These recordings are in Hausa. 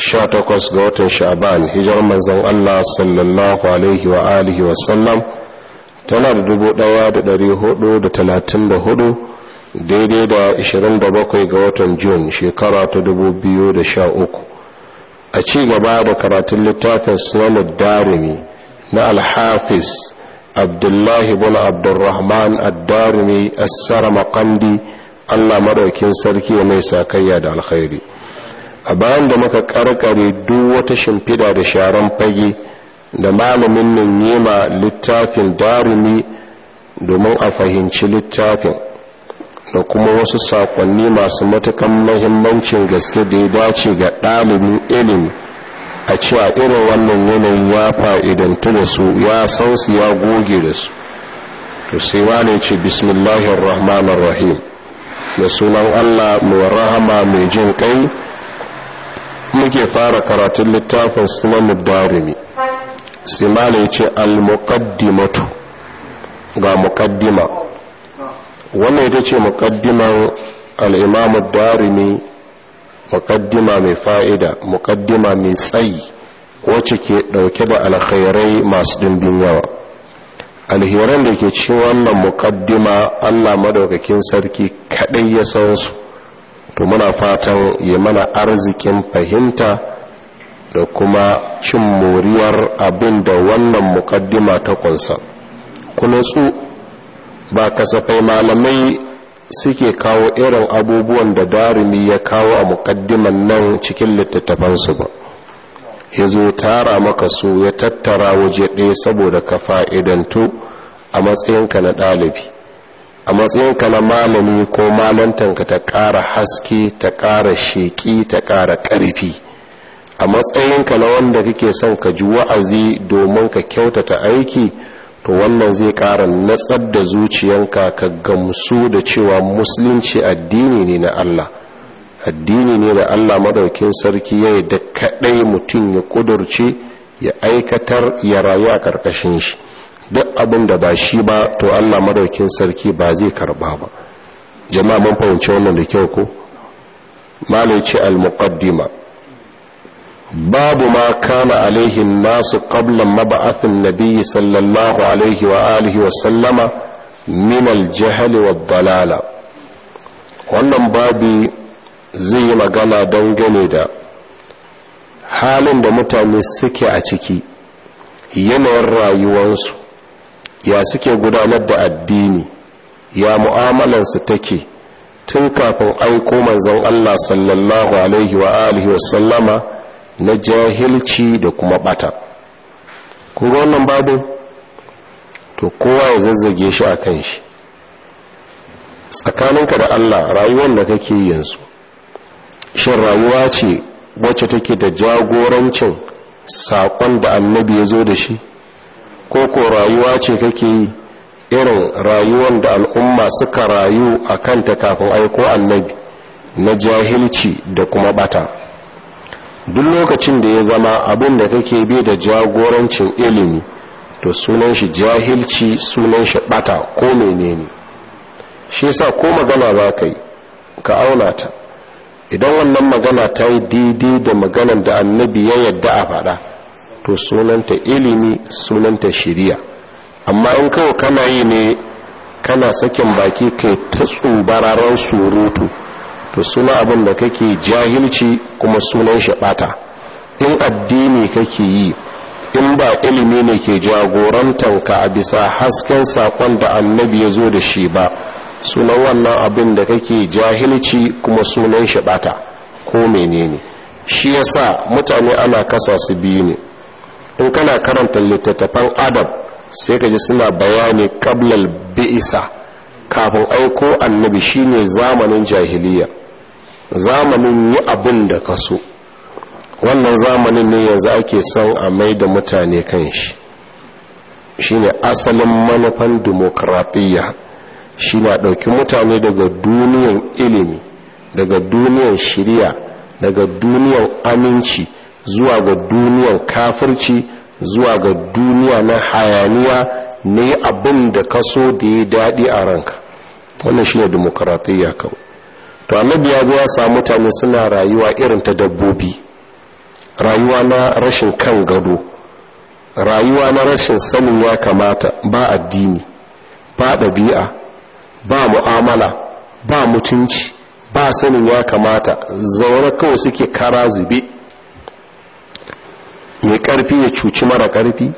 18 ga watan sha'ban hijar manzon Allah sallallahu alaihi wa alihi wa sallam tana da 1434 daidai da 27 ga watan jun shekara ta 2013 a ci gaba da karatun littafin sunan darimi na alhafiz abdullahi bin abdurrahman ad-darimi as-sarmaqandi Allah madaukin sarki mai sakayya da alkhairi a bayan da muka karkare duk wata shimfida da sharan fage da malamin nan yema littafin darumi domin a fahimci littafin da kuma wasu sakonni masu matukan mahimmancin gaske da ya dace ga ɗalibin ilimi a cewa irin wannan yanayi ya idan da su ya san su ya goge da su to sai wane ce bismillahir rahmanir rahim da sunan allah mai rahama mai jin ƙai. muke fara karatun littafin sunanmu darumi simala ya ce al-muqaddimatu ga muqaddima wannan ita ce muqaddiman al’imamu darumi muqaddima mai fa’ida muqaddima mai tsayi wacce ke ɗauke da alkhairai masu dimbin yawa alhiran da ke cin wannan muqaddima allah madaukakin sarki kaɗai ya san su to muna fatan ya mana arzikin fahimta da kuma cin moriyar abin da wannan mukaddima ta kunsa kuma su ba kasafai malamai suke kawo irin abubuwan da darimi ya kawo a mukaddiman nan cikin littattafansu ba ya zo tara maka su ya tattara waje ɗaya saboda ka fa'idantu a matsayinka na ɗalibi a matsayinka na malami ko malantanka ta ƙara haske ta ƙara sheƙi ta ƙara ƙarfi a matsayinka na wanda kake son ka ji wa'azi domin ka kyautata aiki to wannan zai ƙara natsar da zuciyanka ka gamsu da cewa musulunci addini ne na Allah addini ne da Allah madaukin sarki ya yi da kaɗai mutum ya ƙudurce ya aikatar ya rayu a ƙarƙashin shi duk abin da ba shi ba to Allah madaukin sarki ba zai karba ba jama'a mun fahimci wannan da kyau ko malice al-muqaddima babu ma kana alaihi nasu qabla an-nabi sallallahu alaihi wa alihi wa sallama min al-jahl wa dalala wannan babi zai yi magana gane da halin da mutane suke a ciki yanayin rayuwarsu ya suke gudanar da addini ya mu'amalansu take tun kafin aiko manzon Allah sallallahu alaihi wa alihi wa sallama na jahilci da kuma bata kuma wannan babu to kowa ya zazzage shi a kan shi tsakaninka da Allah rayuwar da kake yanzu shin rayuwa ce wacce take da jagorancin saƙon da annabi ya zo da shi ko ko rayuwa ce kake yi irin rayuwan da al'umma suka rayu a kanta kafin aiko annabi na jahilci da kuma bata duk lokacin da ya zama abin da kake bi da jagorancin ilimi to sunan shi jahilci sunan shi bata ko menene shi yasa ko magana za ka yi ka auna ta idan wannan magana ta yi daidai da maganar da annabi ya yadda a faɗa to sunanta ilimi sunanta shiriya amma in kawo kana yi ne kana sakin baki kai ta tsubararan surutu to suna abin da kake jahilci kuma sunan shi in addini kake yi in ba ilimi ne ke jagorantanka a bisa hasken sakon da annabi ya zo da shi ba sunan wannan abin da kake jahilci kuma sunan shi ko menene shi yasa mutane ana kasa su biyu ne in kana karanta littattafan adam sai ka ji suna bayani kablal bi'isa kafin aiko annabi shine zamanin jahiliya zamanin yi abin da ka so wannan zamanin ne yanzu ake son a mai da mutane kan shi shine asalin manufan demokratiya shi na ɗauki mutane daga duniyan ilimi daga duniyan shirya daga duniyan aminci zuwa ga duniyar kafirci zuwa ga duniya na hayaniya ne abin da kaso da ya daɗi a ranka wannan shine demokaratiyya kawai to annabi ya zo ya samu mutane suna rayuwa irin ta dabbobi rayuwa na rashin kan gado rayuwa na rashin sanin ya kamata ba addini ba ɗabi'a ba mu'amala ba mutunci ba sanin ya kamata zaune kawai suke kara zube mai ƙarfi ya cuci mara ƙarfi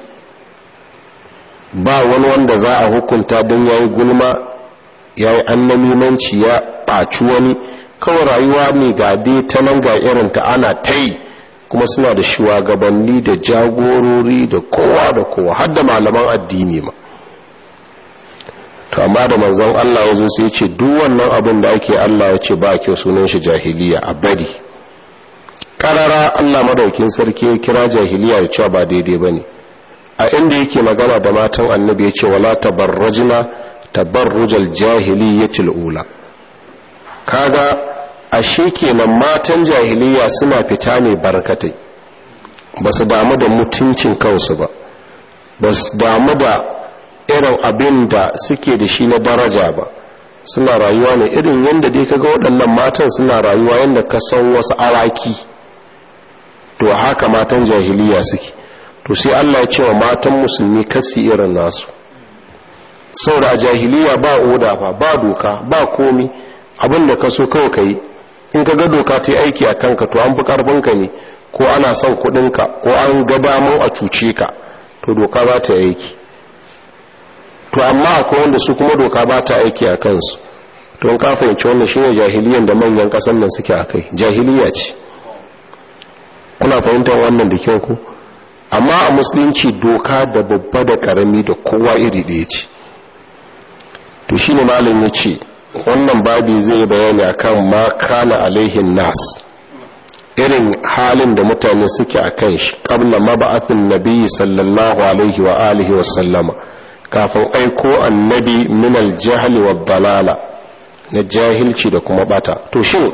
ba wani wanda za a hukunta don ya yi gulma ya yi annamimanci ya ɓaci wani kawai rayuwa mai gade ta nan ga irin ta ana ta yi kuma suna da shugabanni da jagorori da kowa da kowa har da malaman addini ma to amma da manzon Allah ya zo sai ce duk wannan abin da ake Allah ya ce ba kyau sunan shi jahiliya a bari karara Allah madaukin sarki ya kira jahiliya ya cewa ba daidai ba ne. a inda yake magana da matan annabi ya ce wala tabarrajna tabarrujal jahiliyyatil ula kaga ashe kenan matan jahiliya suna fita ne barkatai ba su damu da mutuncin kansu ba ba su damu da irin abin da suke da shi na daraja ba suna rayuwa ne irin yadda dai kaga waɗannan matan suna rayuwa yadda ka san wasu araki to haka matan jahiliya suke to sai Allah ya ce wa matan musulmi kasi irin nasu saboda a jahiliya ba oda ba ba doka ba komi abin da ka so kawai ka in ka ga doka ta yi aiki a kanka to an fi ka ne ko ana son kudinka ko an ga damar a cuce ka to doka ba ta aiki to amma akwai wanda su kuma doka ba ta aiki a kansu to in ka fahimci wannan shine jahiliyan da manyan kasan nan suke a kai jahiliya ce kuna fahimtar wannan da kyau ku amma a musulunci doka da babba da karami da kowa iri ɗaya ce to shi ne malin ya ce wannan babi zai bayani akan ma kana alaihin nas irin halin da mutane suke a kan shi kabla maba'atin nabi sallallahu alaihi wa alihi wa sallama kafin aiko annabi minal aljahli wa dalala na jahilci da kuma bata to shin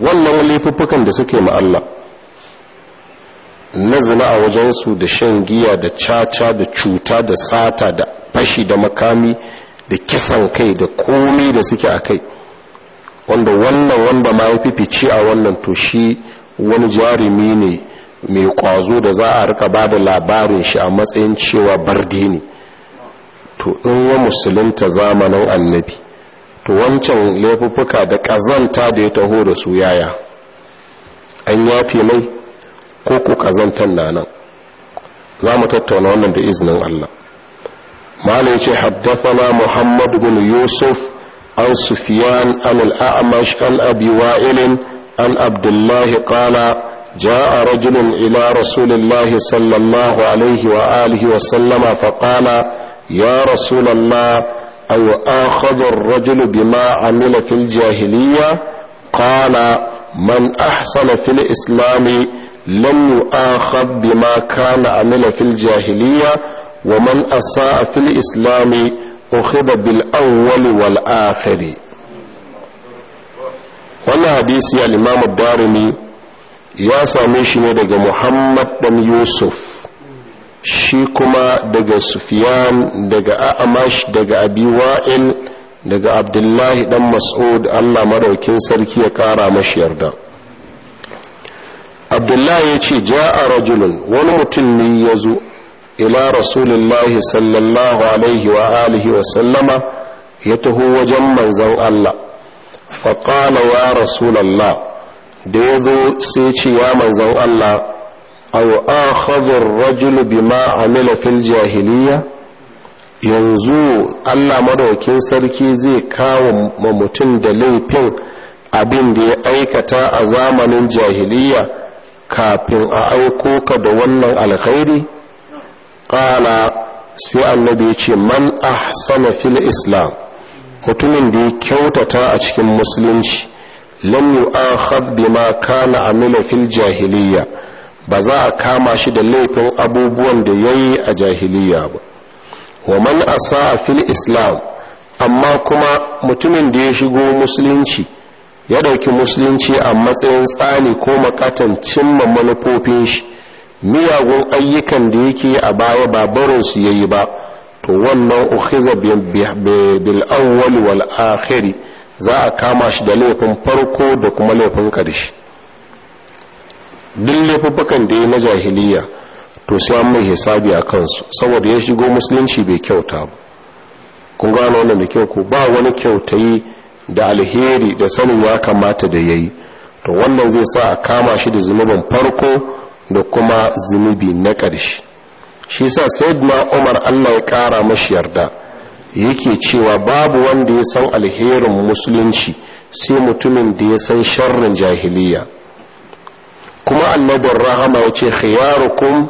wannan laifuffukan da suke ma Allah na zina a su da shan giya da caca da cuta da sata da fashi da makami da kisan kai da komai da suke a kai wanda wannan wanda ma ya fifici a wannan to shi wani jarumi ne mai kwazo da za a rika ba da labarin shi a matsayin cewa bardi ne to in wa musulunta zamanin annabi to wancan laifuffuka da ƙazanta da ya taho da su yaya an yafe mai ko ku kazantar na nan za mu tattauna wannan da izinin Allah mala ce haddafana muhammad bin yusuf an sufiyan an al'amash an abi wa'ilin an abdullahi kala ja a rajinin ila rasulullahi sallallahu alaihi wa wa sallama fa kala ya rasulallah ayo akhadar rajin bima amila fil jahiliya kala man ahsana fil islami lam yu'akhad bima kana amila fil jahiliya wa man asaa fil islami ukhida bil awwal wal akhir wannan hadisi al-imam ad ya same shi ne daga Muhammad dan Yusuf shi kuma daga sufiyan daga A'mash daga Abi Wa'il daga Abdullahi dan Mas'ud Allah madaukin sarki ya kara mashi yarda abdullahi ya ce a rajulun wani mutum ne ya zo ila rasulillahi sallallahu alaihi wa alihi wa sallama ya taho wajen manzan Allah faƙala ya rasulallah da ya zo sai ce ya manzon Allah aw akhadhu ar-rajulu bima amila fil jahiliya yanzu Allah madaukin sarki zai kawo ma mutum da laifin abin da ya aikata a zamanin jahiliya kafin a aiko ka da wannan alkhairi ƙala sai annabi ya ce man ahsana fil islam mutumin da ya kyautata a cikin musulunci lam yu'akhad bima kana amila fil jahiliya ba za a kama shi da laifin abubuwan da yayi a jahiliya ba wa man asa fil islam amma kuma mutumin da ya shigo musulunci ya ɗauki musulunci a matsayin tsani ko makatan cimma manufofin shi miyagun ayyukan da yake a baya ba barin su yayi ba to wannan ukhiza bil awwal wal akhiri za a kama shi da laifin farko da kuma laifin karshe duk laifukan da ya na jahiliya to sai an mai hisabi a kansu saboda ya shigo musulunci bai kyauta ba kun gano wannan da kyau ko ba wani kyautayi da alheri da sanin ya kamata da yayi to wannan zai sa a kama shi da zunubin farko da kuma zunubi na ƙarshe shi sa ma umar allah ya ƙara mashi yarda yake cewa babu wanda ya san alherin musulunci sai mutumin da ya san sharrin jahiliya kuma annabin rahama ya ce khiyarukum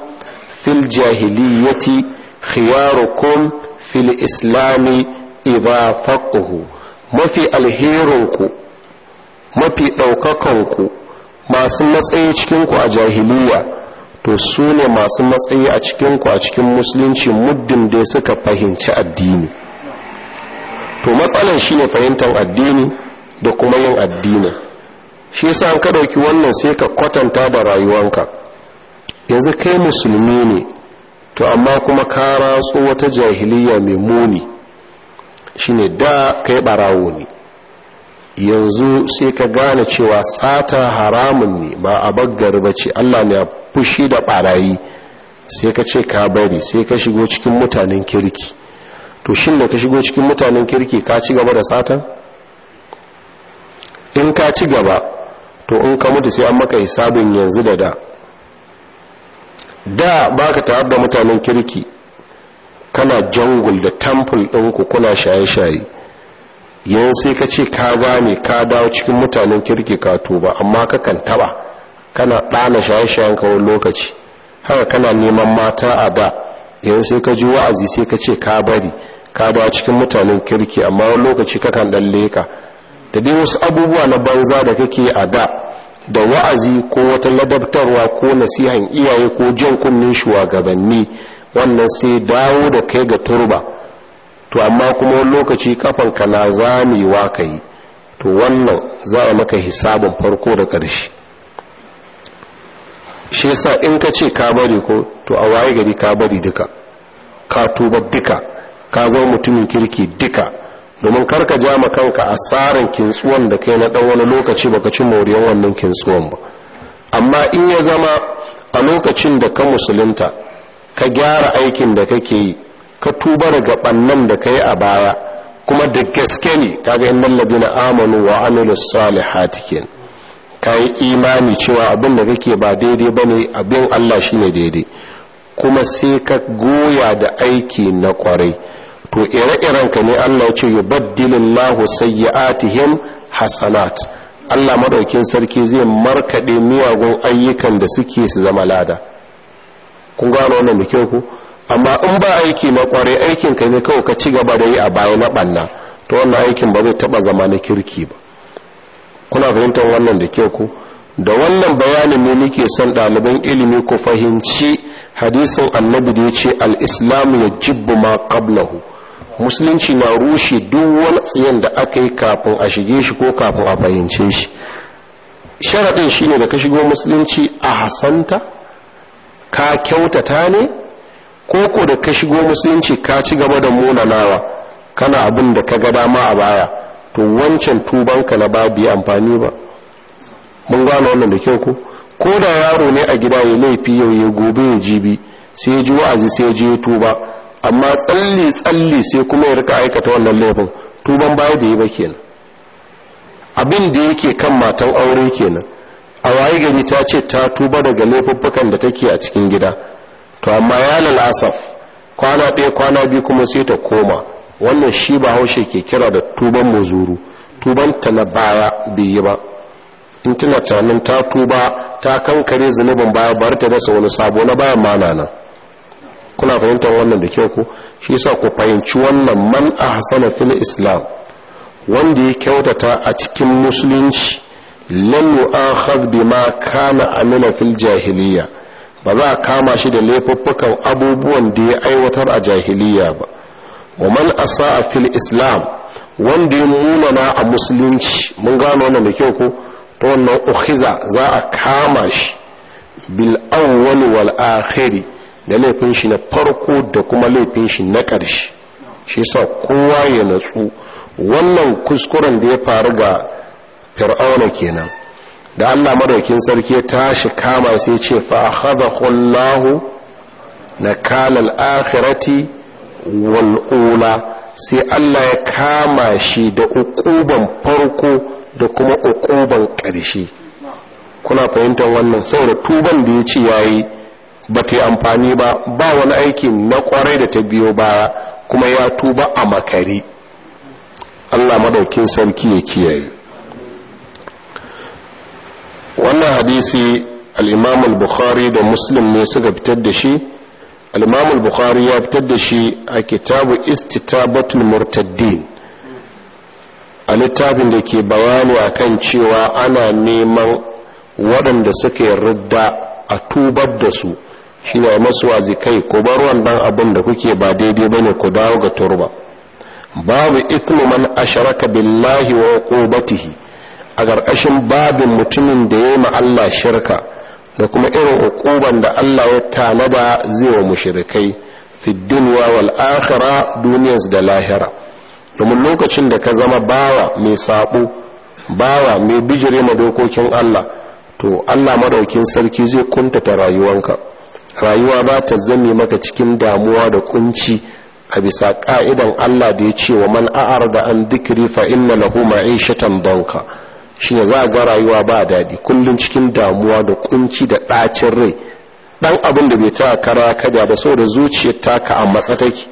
fil jahiliyati khiyarukum fil islami idha faqahu mafi alherinku mafi ɗaukakanku masu matsayi cikinku a jahiliya to su ne masu matsayi a cikinku a cikin musulunci muddin da suka fahimci addini to matsalan shi ne fahimtar addini da kuma yin addini shi yasa an ka ɗauki wannan sai ka kwatanta da rayuwanka yanzu kai musulmi ne to amma kuma ka ratso wata jahiliya mai muni shine da kai barawo ne yanzu sai ka gane cewa sata haramun ne ba a baggari ba ce allah ne ya fushi da barayi sai ka ce ka bari sai ka shigo cikin mutanen kirki to shin ka shigo cikin mutanen kirki ka ci gaba da sata. in ka ci gaba to in ka mutu sai an maka hisabin yanzu da da da baka ta'ar da mutanen kirki kana jungle da din ɗinku kuna shaye-shaye yin sai ka ce ka gane ka dawo cikin mutanen kirki ka tuba amma ka kan taba kana ɗana shaye-shayen kawai lokaci haka kana neman mata a da yin sai ka ji wa'azi sai ka ce ka bari ka dawo cikin mutanen kirki amma lokaci ka kan ɗan leka da dai wasu abubuwa na banza da kake a da da wa'azi ko wata ladabtarwa ko nasihan iyaye ko jan kunnin shugabanni wannan sai dawo da kai ga turba to amma kuma wani lokaci kafanka na zamewa ka yi to wannan za a maka hisabin farko da ƙarshe shi sa in ka ce ka bari ko to a waye gari ka bari duka ka tuba duka ka zama mutumin kirki duka domin karka ja ma kanka asaran kintsuwan da kai na ɗan wani lokaci baka ci moriyar wannan kintsuwan ba amma in ya zama a lokacin da ka musulunta ka gyara aikin da kake yi ka tuba daga bannan da ka a baya kuma da gaske ne kaga innal ladina amanu wa amilus salihati kin kai imani cewa abin da kake ba daidai bane abin Allah shine daidai kuma sai ka goya da aiki na kwarai to ire-iren ka ne Allah ya ce yubaddilillahu sayyi'atihim hasanat Allah madaukin sarki zai markade miyagun ayyukan da suke su zama lada kun gano wannan da kyau ku amma in ba aiki na kware aikin ka ne kawai ka ci gaba da yi a baya na banna to wannan aikin ba zai taba zama na kirki ba kuna fahimtar wannan da kyau ku da wannan bayanin ne muke son ɗaliban ilimi ku fahimci hadisin annabi da ya ce al-islam ya ma qablahu musulunci na rushe duk wani tsayen da aka yi kafin a shige shi ko kafin a fahimce shi sharaɗin shine da ka shigo musulunci a hasanta ka kyautata ne ko ko da ka shigo musulunci ka ci gaba da munanawa kana abin da ka ga dama a baya to wancan tubanka na babu yi amfani ba mun gane wannan da kyau ko ko da yaro ne a gida ya laifi yau ya gobe ya jibi sai ya ji wa'azi sai ya je ya tuba amma tsalle-tsalle sai kuma ya rika aikata wannan laifin tuban baya da yi ba kenan abin da yake kan matan aure kenan a waye gari ta ce ta tuba daga laifuffukan da take a cikin gida to amma ya lalasaf kwana ɗaya kwana biyu kuma sai ta koma wannan shi ba haushe ke kira da tuban muzuru ta na baya bai ba in tana tunanin ta tuba ta kankare zunubin baya bar ta dasa wani sabo na bayan mana nan kuna fahimtar wannan da kyau ko shi sa ku fahimci wannan man hasana fil islam wanda ya kyautata a cikin musulunci lam yu'akhad bima kana amila fil jahiliya ba za a kama shi da laifuffukan abubuwan da ya aiwatar a jahiliya ba wa man asaa fil islam wanda ya munana a musulunci mun gano wannan da kyau ko ta wannan ukhiza za a kama shi bil awwal wal akhiri da laifin shi na farko da kuma laifin shi na ƙarshe shi sa kowa ya natsu wannan kuskuren da ya faru ga fir'auna kenan da Allah madaukin sarki ya tashi kama sai ya ce fa akhadahu khullahu na kalal akhirati wal ula sai Allah ya kama shi da ukuban farko da kuma ukuban ƙarshe kuna fahimtar wannan saboda tuban da ya ce yayi ba ta amfani ba ba wani aiki na kwarai da ta biyo baya kuma ya tuba a makare Allah madaukin sarki ya kiyaye wannan hadisi al al-bukhari da muslim ne suka fitar da shi al al-bukhari ya fitar da shi a kitabu istitabatul murtaddin a littafin da ke bayani akan cewa ana neman waɗanda suka yarda a tubar da su shi ne masu wazikai ko bar wannan abin da kuke ba daidai bane ku dawo ga turba babu ikmu man asharaka billahi wa qubatihi a ƙarƙashin babin mutumin da ya yi Allah shirka da kuma irin hukuban da Allah ya tanada zai wa mushrikai fi dunya wal akhirah duniyas da lahira domin lokacin da ka zama bawa mai sabo bawa mai bijire ma dokokin Allah to Allah madaukin sarki zai kuntata rayuwanka rayuwa ba ta zame maka cikin damuwa da kunci a bisa ƙaidan Allah da ya ce wa man a'arda an dhikri fa inna lahu ma'ishatan donka. shine za a ga rayuwa ba daɗi kullum cikin damuwa da kunci da ɗacin rai ɗan abin da bai ta kara kada ba saboda zuciyar taka a matsa take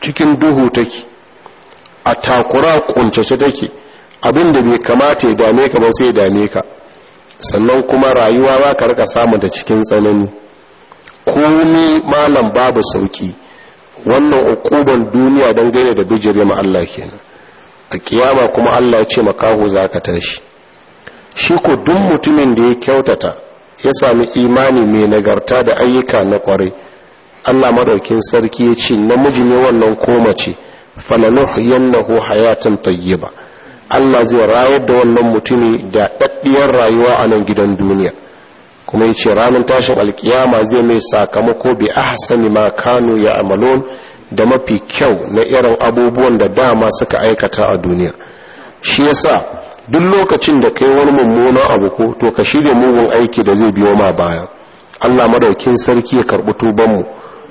cikin duhu take a takura ta take abin da bai kamata ya dame ka ba sai ya dame ka sannan kuma rayuwa za ka rika samun da cikin tsanani komi malam babu sauki wannan ukuban duniya don gaida da bijirin Allah kenan a kiyama kuma Allah ya ce makaho za ka tashi shi ko duk mutumin da ya kyautata ya sami imani mai nagarta da ayyuka na kwarai Allah madaukin sarki ya ce namiji ne wannan ko mace yannahu hayatan tayyiba Allah zai rawar da wannan mutumi da daddiyar rayuwa a nan gidan duniya kuma ya ce ranar tashin alkiyama zai mai sakamako bi ahsani ma kanu ya amalon da mafi kyau na irin abubuwan da dama suka aikata a duniya shi yasa duk lokacin da kai wani mummuna abu ko to ka shirya mugun aiki da zai biyo ma baya Allah madaukin sarki ya karbi tuban mu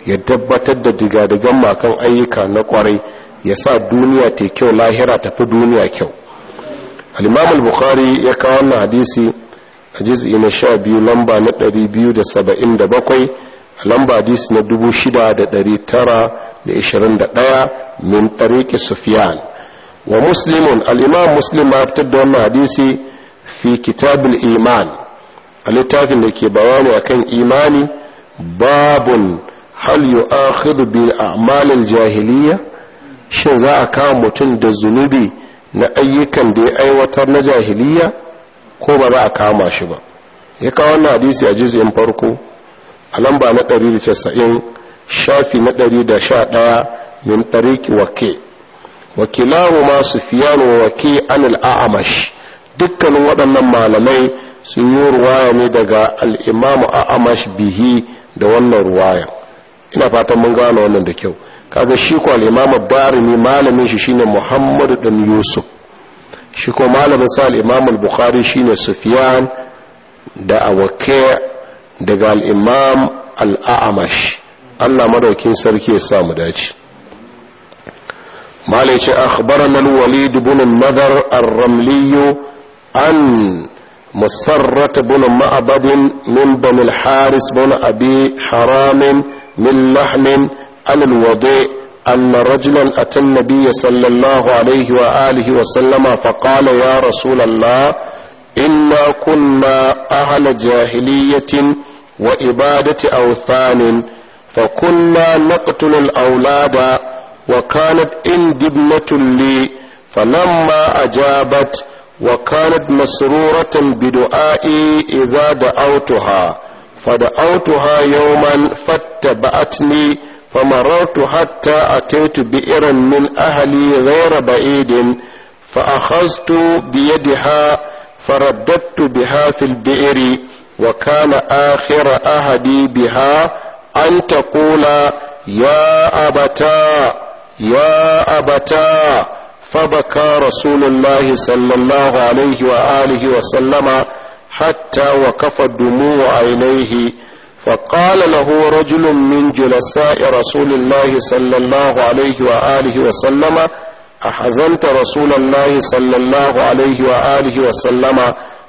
ya tabbatar da digadigan makan ayyuka na kwarai ya sa duniya ta kyau lahira ta fi duniya kyau alimamul imam bukhari ya kawo wannan hadisi a juz'i na 12 lamba na 277 lamba hadisi na 6900 da 21 min tariqi sufiyan wa muslimun alimam muslim ma fitar da wannan hadisi fi kitabul iman a littafin da ke bayani akan imani babun hal yu'akhidhu bi a'malil jahiliya shin za a kawo mutum da zunubi na ayyukan da ya aiwatar na jahiliya ko ba za a kama shi ba ya kawo wannan hadisi a juz'in farko a lamba na 190 shafi na ɗari da ɗaya min tariki wake wakilahu ma sufiyan wa wake anil a'amash dukkanin waɗannan malamai sun yi ruwaya ne daga al'imamu al'amash bihi da wannan ruwaya ina fatan mun gane wannan da kyau kaga shi ko al'imamu barimi malamin shi ne muhammadu dan yusuf shi ko malamin sa al'imamu bukhari shine sufiyan da awake daga al'imam al'amash. Allah madaukin sarki ya samu dace malaiki akhbarana al-walid ibn al-madar ar-ramli an musarrat ibn ma'bad min bani al-haris ibn abi haram min lahm al-wadi أن رجلا أتى النبي صلى الله عليه وآله وسلم فقال يا رسول الله إنا كنا أهل جاهلية وإبادة أوثان ثان fa kunna naqtulul aulada wa kanat indibnatun li falamma ajabat wa kanat masruratan bidu'ai idza da'awtuha فدعوتها يوما فاتبعتني فمررت حتى أتيت بئرا من أهلي غير بعيد فأخذت بيدها فرددت بها في البئر وكان آخر أهدي بها an ta kula ya abata ya abata fabaka rasulullahi sallallahu alaihi wa alihi wa sallama hatta wa kafa dumu wa ainihi فقال له رجل من جلساء رسول الله صلى الله عليه وآله وسلم أحزنت رسول الله صلى الله عليه وآله وسلم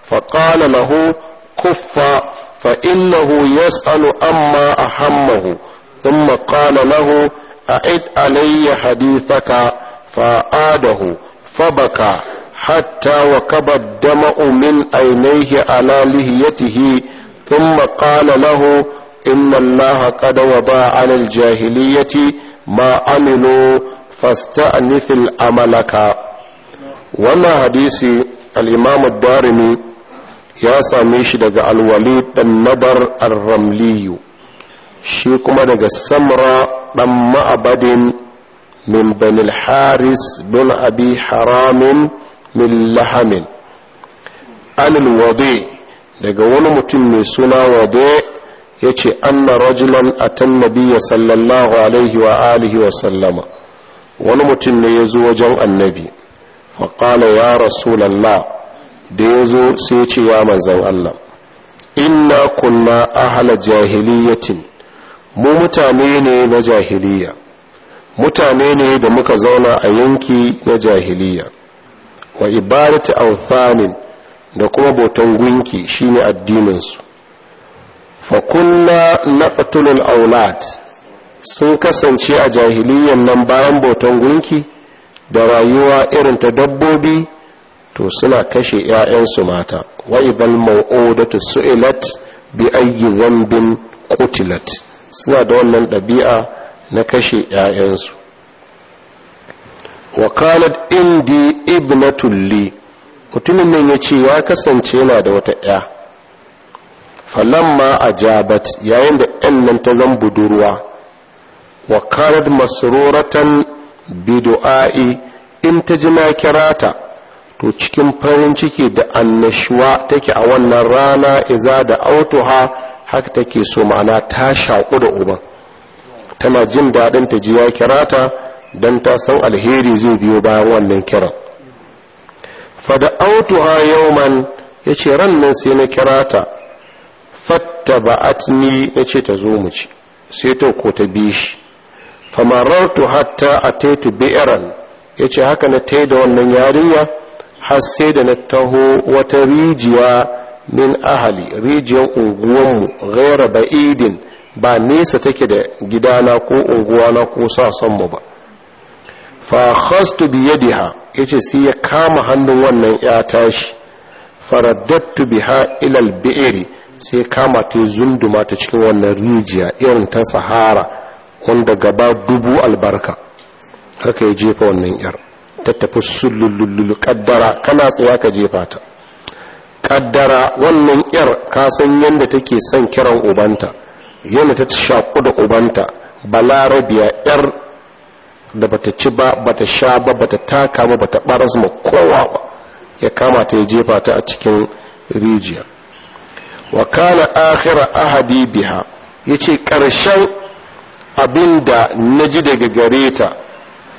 فقال له كف fa innahu yas'alu amma sun thumma qala lahu a'id alayya hadithaka fa adahu fabaka hatta wa kaba dama'u min ainihi ala lihiyatihi thumma qala lahu inna allaha qad waba 'ala al-jahiliyyati ma amilu fasta'nifil amalaka wannan hadisi al-imam ad-darimi ya same shi daga alwali ɗan nabar arramliyu shi kuma daga samra ɗan ma'abadin min banil haris bin abi haramin min lahamin anil daga wani mutum mai suna wade ya ce anna rajulan atan nabiya sallallahu alaihi wa alihi wa sallama wani mutum ne ya zo wajen annabi faƙala ya rasulallah da ya zo sai ce ya manzan Allah inna kunna ahala jahiliyatin mu mutane ne na jahiliya mutane ne da muka zauna a yanki na jahiliya wa ibadatu authanin da kuma botan gunki shine addininsu fa kunna naqtulul aulad sun kasance a jahiliyan nan bayan botan gunki da rayuwa irin ta dabbobi to suna kashe 'ya'yansu mata wa ibal mau'udatu su'ilat bi ayyi dhanbin qutilat suna da wannan ɗabi'a na kashe 'ya'yansu wa indi ibnatulli li mutumin nan yace ya kasance yana da wata 'ya falamma ajabat yayin da 'yan nan ta zan budurwa wa kanat masruratan bidu'ai in ta ji na kirata to cikin farin ciki da annashuwa take a wannan rana iza da ha haka take so ma'ana ta shaƙu da uban tana jin daɗin ta ji ya kira ta don ta san alheri zai biyo bayan wannan kiran fada yau man ya ce ran sai na kira ta fatta ba'atni na ce ta zo mu ci sai ta ko ta bi shi tu hatta a taitu bi'iran ya ce haka na taida wannan yarinya har sai da na taho wata rijiya min ahali rijiyar unguwanmu gaira ba'idin ba nesa take da gidana ko unguwana ko mu ba fa khastu bi yadiha yace sai ya kama hannun wannan ya tashi faraddatu biha ila al-bi'ri sai kama ta zunduma ta cikin wannan rijiya irin ta sahara wanda gaba dubu albarka haka ya jefa wannan yar ta tafi sullullullullu kaddara kana tsaya ka jefa ta kaddara wannan yar ka san yadda take son kiran ubanta yadda ta shaƙu da ubanta balarabiya yar da bata ci ba bata sha ba bata taka ba bata baras ma kowa ba ya kama ta ya jefa ta a cikin rijiya wa kana akhira ahadi biha yace karshen abinda ji daga gare ta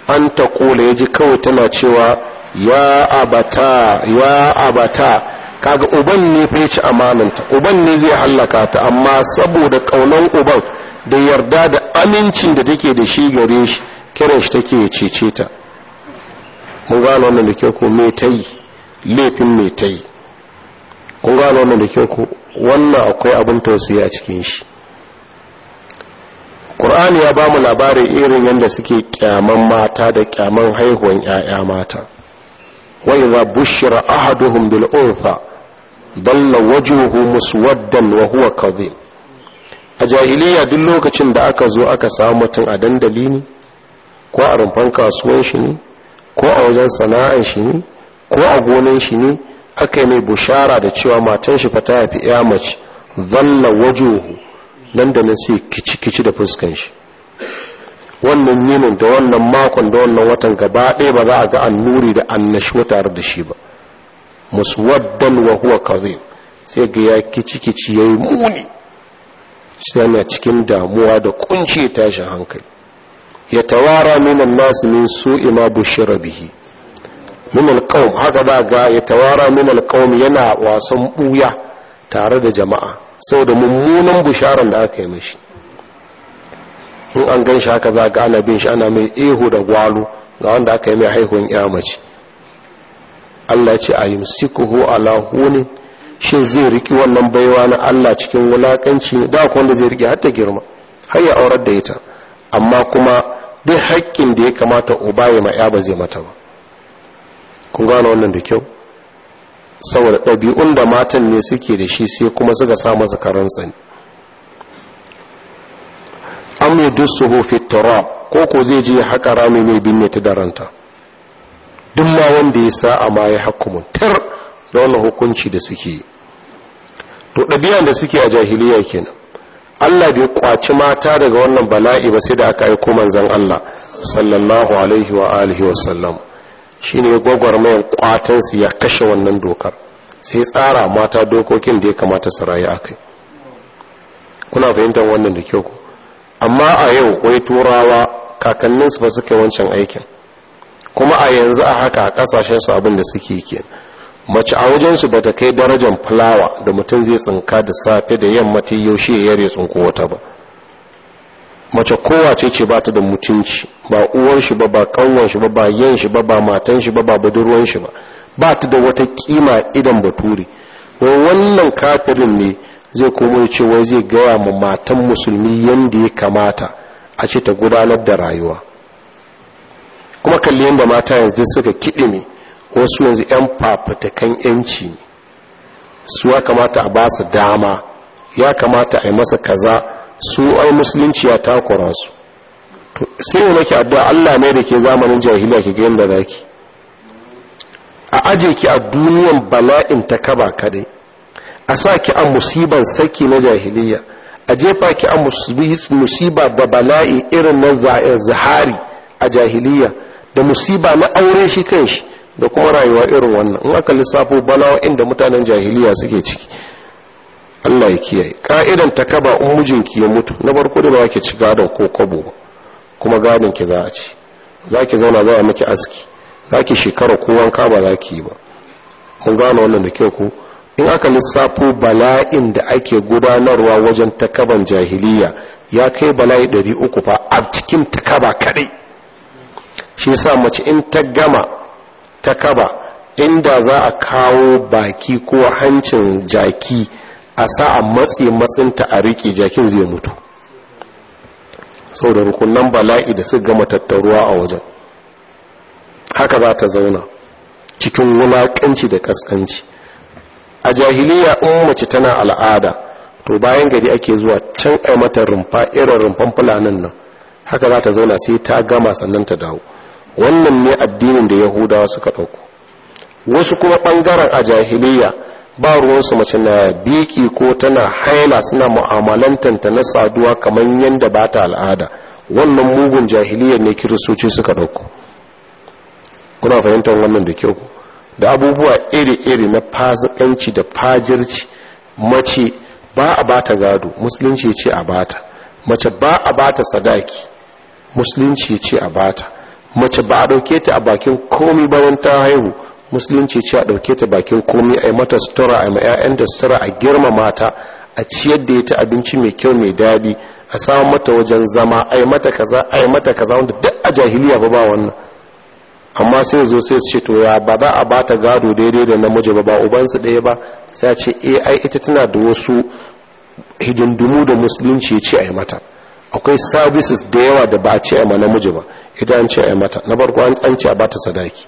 an ta kula ya ji kawai tana cewa ya abata ya abata kaga uban ne fa ci amananta uban ne zai hallaka ta amma saboda kaunan uban da yarda da amincin da take da shi gare shi kiran shi take cece ta mun gano wannan da kyau ko me tai laifin me ta kun gano wannan da kyau ko wannan akwai abin tausayi a cikin shi ƙur'ani ya ba mu labarin irin yadda suke kyaman mata da kyaman haihuwan 'ya'ya mata wai za bushira ahaduhum bil unfa dalla wajuhu muswaddan wa huwa kadhib a jahiliya duk lokacin da aka zo aka samu mutum a dandali ne ko a rumfan kasuwan shi ne ko a wajen sana'an shi ne ko a gonan shi ne aka yi mai bushara da cewa matan shi fa ta fi ya mace dalla wajuhu nan da nan sai kici-kici da fuskan shi wannan yinin da wannan makon da wannan watan gaba ɗaya ba za a ga annuri da annashuwa tare da shi ba muswaddan wa huwa kawai. sai ga ya kici-kici ya yi muni sai yana cikin damuwa da ya tashin hankali ya tawara minan nasu min su ima bushira bihi minan haka ba ga ya tawara minan yana wasan buya tare da jama'a sau da mummunan bisharar da aka yi mashi in an gan shi haka za ga ana bin shi ana mai ihu da gwalo ga wanda aka yi mai haihuwan ya mace Allah ce a yimsikuhu ala hunin shin zai riki wannan baiwa na Allah cikin wulakanci ne da wanda zai riki har ta girma har ya aurar da ita amma kuma duk haƙƙin da ya kamata uba ya ma ba zai mata ba kun gane wannan da kyau saboda ɗabi'un da matan ne suke da shi sai kuma suka sa masa karansa ne am yadussuhu fi ko ko zai je haƙa rami mai binne ta daranta duk ma wanda ya sa a ma ya hakumun tar da wannan hukunci da suke yi. to ɗabi'an da suke a jahiliya kenan Allah bai kwaci mata daga wannan bala'i ba sai da aka aiko zan Allah sallallahu alaihi wa alihi wa sallam shi shine gwagwarmayan kwatansu ya kashe wannan dokar sai tsara mata dokokin da ya kamata su rayu akai kuna fahimtar wannan da kyau amma a yau wai turawa kakanninsu ba suka yi wancan aikin kuma a yanzu a haka a kasashen su abin da suke ke mace a wajensu ba ta kai darajar fulawa da mutum zai tsinka da safe da yamma ta yaushe ya yare tsinko wata ba mace kowace ce ba ta da mutunci ba uwan shi ba ba kanwan shi ba ba yan shi ba ba matan shi ba ba budurwan shi ba ba ta da wata kima idan baturi don wannan kafirin ne zai komo da cewa zai gaya ma matan musulmi yadda ya kamata a ce ta gudanar da rayuwa kuma kalli yadda mata yanzu suka kiɗime wasu yanzu 'yan fafatakan 'yanci su ya kamata a ba su dama ya kamata a yi masa kaza su ai musulunci ya takura su sai yi maki addu'a Allah ne da ke zamanin jahiliya ki ga yadda zaki a aje ki a duniyan bala'in ta kaba kadai a sa ki a musiban saki na jahiliya a jefa ki a musiba da bala'i irin na eh, zahari a jahiliya da musiba na aure shi kanshi da kuma rayuwa irin wannan in aka lissafo bala'o'in da mutanen jahiliya suke ciki Allah ya kiyaye ka'idan ta kaba in mijinki ya mutu na farko da ba ki ci gadon ko kwabo ba kuma gadon ki za a ci za ki zauna za a miki aski za ki shekara ko wanka ba za ki yi ba mun gano wannan da kyau ko in aka lissafo bala'in da ake gudanarwa wajen takaban jahiliya ya kai bala'i uku fa a cikin takaba kaɗai shi sa mace in ta gama takaba inda za a kawo baki ko hancin jaki a sa'an matsi matsinta a riƙe jakin zai mutu sau da rukunan bala'i da su gama tattaruwa a wajen haka za ta zauna cikin wulaƙanci da ƙasƙanci a jahiliya in mace tana al'ada to bayan gari ake zuwa can a mata rumfa irin rumfan fulanin nan haka za ta zauna sai ta gama sannan ta dawo wannan ne addinin da yahudawa suka ɗauko wasu kuma ɓangaren a jahiliya ba ruwansu mace na biki ko tana haila suna mu'amalantanta na saduwa kamar yadda ba ta al'ada wannan mugun jahiliyar ne kiristoci suka ɗauko kuna fahimtar wannan da kyau da abubuwa iri-iri na fasikanci da fajirci mace ba a ba ta gado musulunci ce a ba ta mace ba a ba ta sadaki musulunci ce a ba ta mace ba a ɗauke ta a bakin komi bayan ta haihu musulunci ce a ɗauke ta bakin komi a yi mata sutura a yi ma 'ya'yan da sutura a girmamata mata a ciyar da ita abinci mai kyau mai daɗi a samun mata wajen zama a yi mata kaza a yi mata kaza wanda duk a jahiliya ba ba wannan amma sai zo sai su ce to ya ba za a ba ta gado daidai da namiji ba ba ubansu ɗaya ba sai a ce eh ai ita tana da wasu hidindumu da musulunci ce a yi mata akwai services da yawa da ba a ce a ma namiji ba ita an ce a yi mata na farko an ce a ba ta sadaki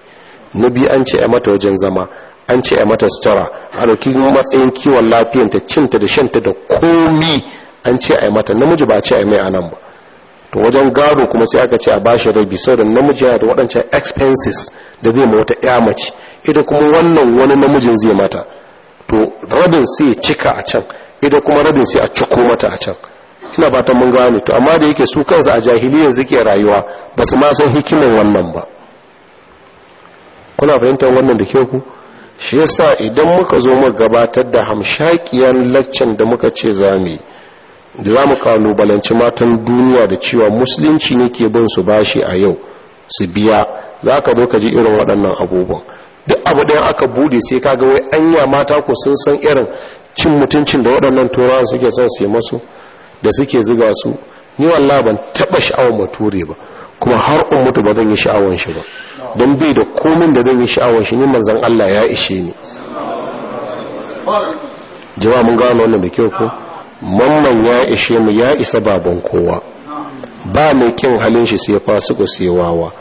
na biyu an ce mata wajen zama an ce a mata sutura a dauki matsayin kiwon lafiyanta cinta da shanta da komi an ce a mata namiji ba a ce a mai anan ba to wajen gado kuma sai aka ce a bashi rabi saboda namiji yana da waɗancan expenses da zai ma wata ya mace ita kuma wannan wani namijin zai mata to rabin sai cika a can ita kuma rabin sai a ciko mata a can ina fatan mun gane to amma da yake su kansu a jahiliyar suke rayuwa ba su ma san hikimin wannan ba kuna fahimtar wannan da ke ku shi yasa idan muka zo mu gabatar da hamshakiyan laccan da muka ce mu da za mu kalubalanci matan duniya da cewa musulunci ne ke bin su bashi a yau su biya za ka zo ka ji irin waɗannan abubuwan duk abu ɗaya aka bude sai ka ga wai anya mata ko sun san irin cin mutuncin da waɗannan turawa suke son su masu da suke ziga su ni wallah ban taɓa sha'awar mature ba kuma har in mutu ba zan yi sha'awar shi ba don bai da komin da zai sha'awar shi ne manzan Allah ya ishe ni jawa mun gano wannan da kyau ko mamman ya ishe mu ya isa baban kowa ba mai kyan halin shi sai fasiku sai wawa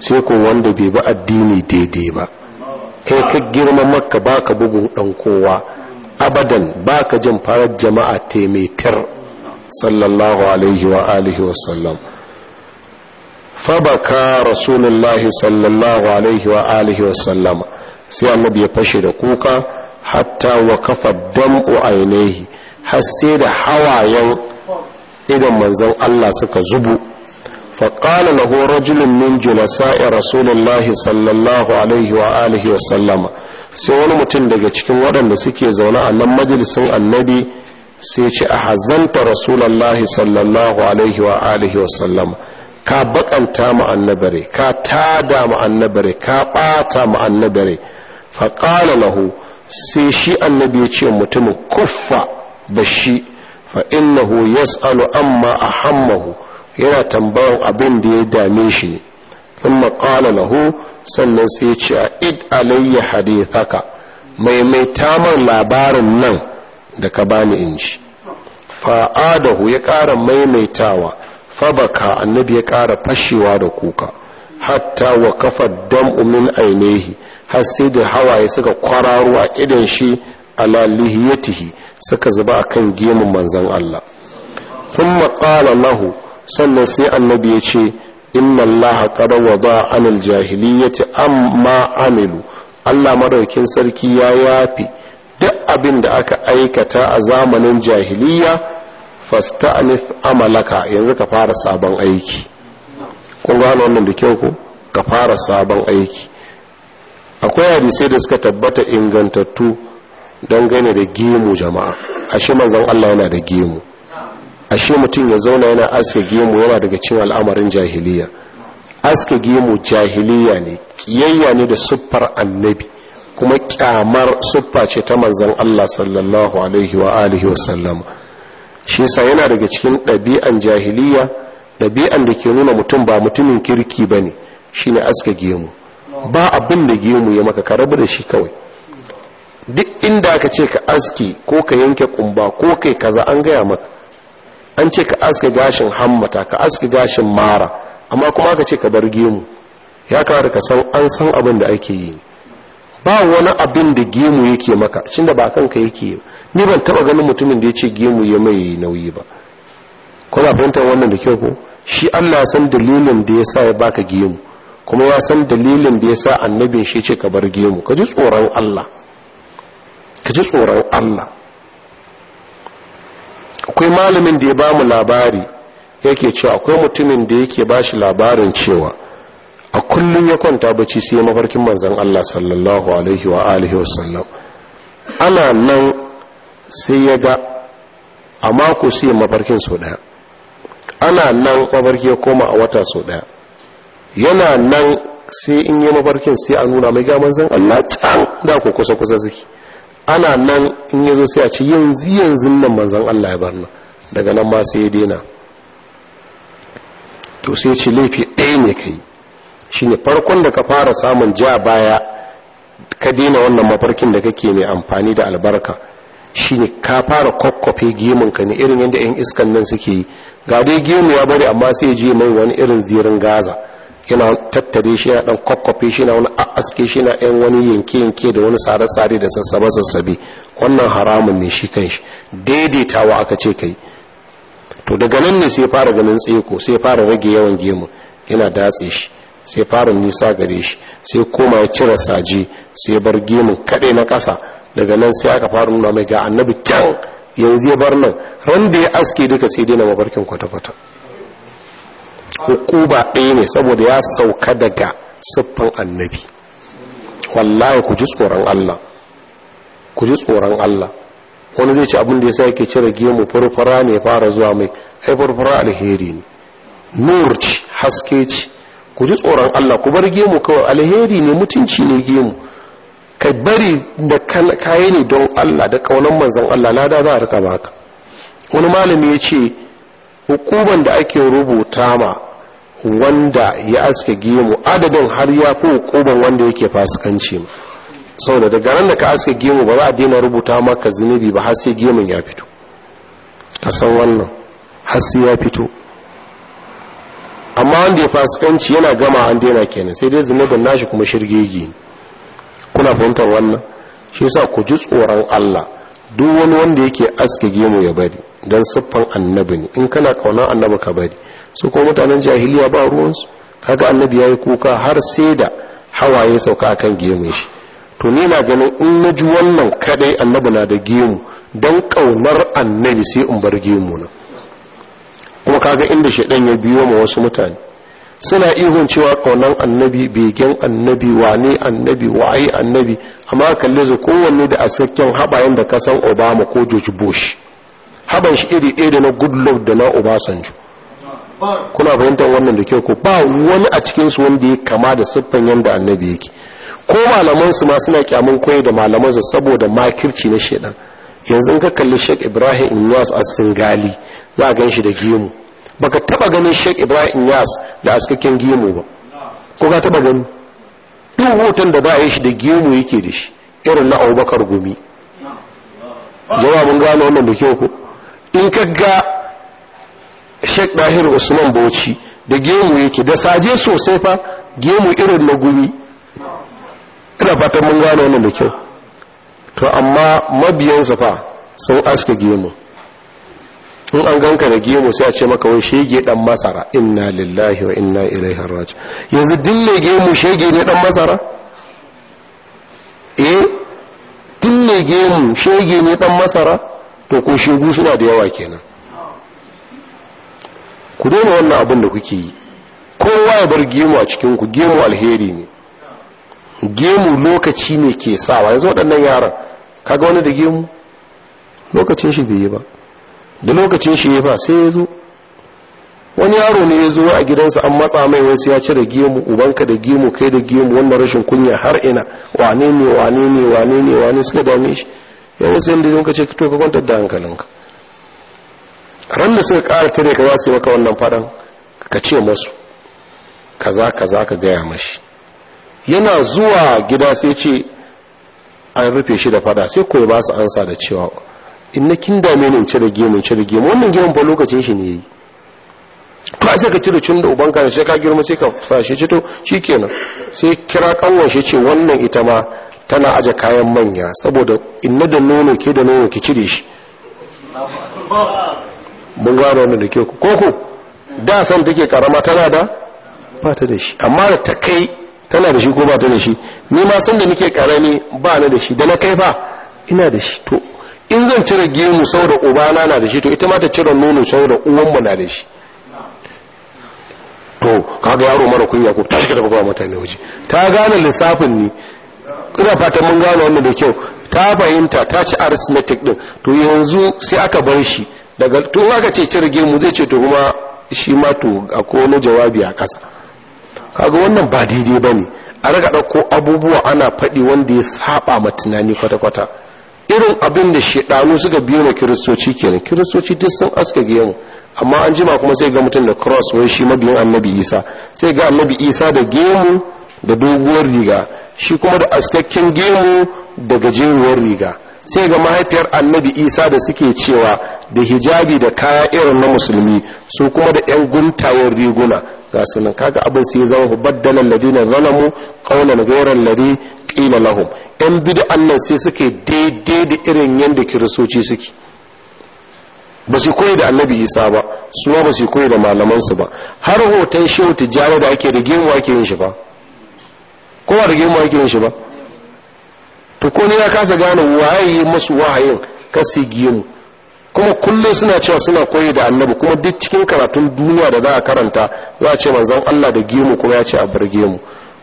sai ko wanda bai bi addini daidai ba kai ka girma maka baka bugun dan kowa abadan baka jin farar jama'a taimaitar sallallahu alaihi wa alihi wa sallam fabaka rasulullahi sallallahu alaihi wa alihi wa sallama sai annabi ya fashe da kuka hatta wa kafa dam'u ainihi har sai da hawayen idan manzon Allah suka zubu فقال له رجل من جلساء رسول sallallahu alaihi wa عليه wa sallama sai wani mutum daga cikin waɗanda suke zaune a nan majalisin annabi sai ce a hazanta rasulallahi sallallahu alaihi wa alihi wa sallama ka bakanta mu annabare ka tada mu annabare ka bata mu annabare fa qala lahu sai shi annabi ya ce mutumin kuffa da shi fa innahu yas'alu amma ahammahu yana tambayan abin da ya dame shi In thumma qala lahu sannan sai ya ce id alayya hadithaka maimaita man labarin nan da ka bani in ji fa'adahu ya ƙara maimaitawa fabaka annabi ya ƙara fashewa da kuka hatta wa kafa dam'u min ainihi har sai da hawaye suka kwararo a idan shi ala lihiyatihi suka zuba a kan gemun manzon Allah tun maƙara lahu sannan sai annabi ya ce inna allaha qad wada anil jahiliyyati amma amilu Allah madaukin sarki ya yafi duk abin da aka aikata a zamanin jahiliya fasta'nif amalaka yanzu ka fara sabon aiki kun gano wannan da kyau ko ka fara sabon aiki akwai hadisi da suka tabbata ingantattu don gane da gemu jama'a ashe manzon Allah yana da gemu ashe mutum ya zauna yana aske gemu yana daga cin al'amarin jahiliya aske gemu jahiliya ne kiyayya ne da siffar annabi kuma kyamar siffa ce ta manzon Allah sallallahu alaihi wa alihi wa sallama shi sa yana daga cikin ɗabi'an jahiliya ɗabi'an da ke nuna mutum ba mutumin kirki ba ne shi ne aska gemu ba abin da gemu ya maka ka rabu da shi kawai duk inda aka ce ka aski ko ka yanke kumba ko kai kaza an gaya maka an ce ka aske gashin hammata ka aske gashin mara amma kuma aka ce ka bar gemu ya kawar ka san an san abin da ake yi ba wani abin da gemu yake maka cin da ba kanka yake ni ban taba ganin mutumin da ya ce gemu ya mai nauyi ba kuna fahimtar wannan da kyau ko shi Allah san dalilin da ya sa ya baka gemu kuma ya san dalilin da ya sa annabin shi ce ka bar gemu ka ji tsoron Allah ka ji tsoron Allah akwai malamin da ya ba mu labari yake cewa akwai mutumin da yake ba shi labarin cewa a kullum ya kwanta bacci sai mafarkin manzan Allah sallallahu alaihi wa alihi wasallam ana nan sai ya ga a mako sai mafarkin sau daya ana nan mafarki ya koma a wata sau daya yana nan sai in yi mafarkin sai a nuna mai gaman zan Allah can da ku kusa kusa suke ana nan in yi zo sai a ci yanzu yanzu nan manzan Allah ya bar nan daga nan ma sai ya dena to sai ci laifi ɗaya ne ka yi. shine farkon da ka fara samun ja baya ka daina wannan mafarkin da kake mai amfani da albarka shine ka fara kokkofe gemunka ne irin yadda 'yan iskan nan suke yi ga dai gemu ya bari amma sai je mai wani irin zirin gaza yana tattare shi yana dan kokkofe shi na wani aske shi na yan wani yanke yanke da wani sare sare da sassabe sassabe wannan haramun ne shi kanshi daidaitawa aka ce kai to daga nan ne sai fara ganin tseko sai fara rage yawan gemu yana datse shi sai fara nisa gare shi sai koma ya cire saji sai bar gemun kaɗai na ƙasa daga nan sai aka fara nuna mai ga annabi can yanzu ya bar nan ran da ya aske duka sai daina mabarkin kwata-kwata hukuba ɗaya ne saboda ya sauka daga siffan annabi wallahi ku ji tsoron Allah ku ji tsoron Allah wani zai ci abin da ya sa yake cire gemu furfura ne fara zuwa mai ai furfura alheri ne nur ci haske ci ku ji tsoron Allah ku bar gemu kawai alheri ne mutunci ne gemu ka bari da kaye ne don Allah da kaunan manzon Allah lada za a rika baka wani malami ya ce hukuman da ake rubuta ma wanda ya aske gemu adadin har ya fi hukuman wanda yake fasikanci ma saboda daga ran da ka aske gemu ba za a daina rubuta maka zunubi ba har sai gemun ya fito a san wannan har sai ya fito amma wanda ya fasikanci yana gama an daina kenan sai dai zunubin nashi kuma shirgege kuna fahimtar wannan shi yasa ku ji tsoron Allah duk wani wanda yake aske gemu ya bari dan siffan annabi ne in kana kaunar annabi ka bari su kuma mutanen jahiliya ba ruwansu kaga annabi yayi kuka har sai da hawaye sauka akan gemu shi to ni na ganin in naji wannan kadai annabi na da gemu don kaunar annabi sai in bar gemu na kuma kaga inda shaidan ya biyo ma wasu mutane suna ihun cewa kaunan annabi begen annabi wane annabi waye annabi amma kalli su kowanne da asakken habayen da kasan obama ko george bush haban shi iri ɗaya da na goodluck da na obasanjo kuna fahimtar wannan da kyau ku ba wani a cikin su wanda ya kama da siffan yanda annabi yake ko malamansu ma suna kyamun koyi da malaman su saboda makirci na shaidan yanzu ka kalli shek ibrahim inyas a singali za a ganshi da gemu baka taba ganin Sheikh Ibrahim Yas da askakken gemu ba ko ka taba gani duk hoton da ba a yi shi da gemu yake da shi irin na Abubakar Gumi jama'a mun gano wannan da kyau ko in ka ga Sheikh Dahir Usman Bauchi da gemu yake da saje sosai fa gemu irin na gumi ina fatan mun gano wannan da kyau to amma mabiyansa fa sun aske gemu in an ganka da gemu sai a ce maka wai shege dan masara inna lillahi wa inna ilaihi raji yanzu dille gemu shege ne dan masara eh dille gemu shege ne dan masara to ko shegu suna da yawa kenan ku daina wannan abin da kuke yi kowa ya bar gemu a cikin ku gemu alheri ne gemu lokaci ne ke sawa yanzu waɗannan yaran kaga wani da gemu lokacin shi bai yi ba da lokacin shi ya ba sai ya zo wani yaro ne ya zo a gidansa an matsa mai wasu ya ci da gemu ubanka da gemu kai da gemu wannan rashin kunya har ina wane ne wane ne wane ne wane suka dame shi yawon sai da ka ce kwantar da hankalinka ran da suka kara tare ka za su yi maka wannan faɗan ka ce masu kaza kaza ka gaya mashi yana zuwa gida sai ce an rufe shi da fada sai koyi ba su ansa da cewa in na kin dame ni in cire gemu in cire gemu wannan gemun ba lokacin shi ne yayi ko a sai ka cire cin da ka sai ka girma sai ka sa shi to shikenan sai kira kanwan shi ce wannan ita ma tana aje kayan manya saboda inna da nono ke da nono ki cire shi mun gano wannan da ke ku ko da san take karama tana da ba ta da shi amma da ta kai tana da shi ko ba ta da shi ni ma san da nake karami ba na da shi da na kai fa ina da shi to in zan cire gemu saboda ubana na da shi to ita ma ta cire nono saboda uwanmu na da shi to kaga yaro mara kunya ko tashi da ba mutane waje ta gane lissafin ni ina fata mun gane wannan da kyau ta fahimta ta ci arithmetic din to yanzu sai aka bar shi daga to aka ce cire gemu zai ce to kuma shi ma to akwai wani jawabi a kasa kaga wannan ba daidai bane a raga dauko abubuwa ana faɗi wanda ya saba ma tunani kwata-kwata irin abin da shiɗanu suka biyo na kiristoci kenan kiristoci duk sun aska gemu amma an jima kuma sai ga mutum da cross wai shi mabiyin annabi isa sai ga annabi isa da gemu da doguwar riga shi kuma da askakken gemu da gajeruwar riga sai ga mahaifiyar annabi isa da suke cewa da hijabi da kaya irin na musulmi su kuma da 'yan guntawar riguna ga sunan kaga abin sai zama hubaddalan ladina zalamu qawlan ghayra alladhi qila lahum yan bid'an nan sai suke daidai da irin yanda kiristoci suke ba su koyi da annabi isa ba su ba su koyi da malamansu ba har hoton shehu tijjani da ake da gemu ake yin shi ba kowa da gemu ake yin shi ba to ko ne ya kasa gane waye masu wahayin kasi gemu kuma kullum suna cewa suna koyi da annabi kuma duk cikin karatun duniya da za a karanta za a ce manzon Allah da gemu kuma ya ce a bar gemu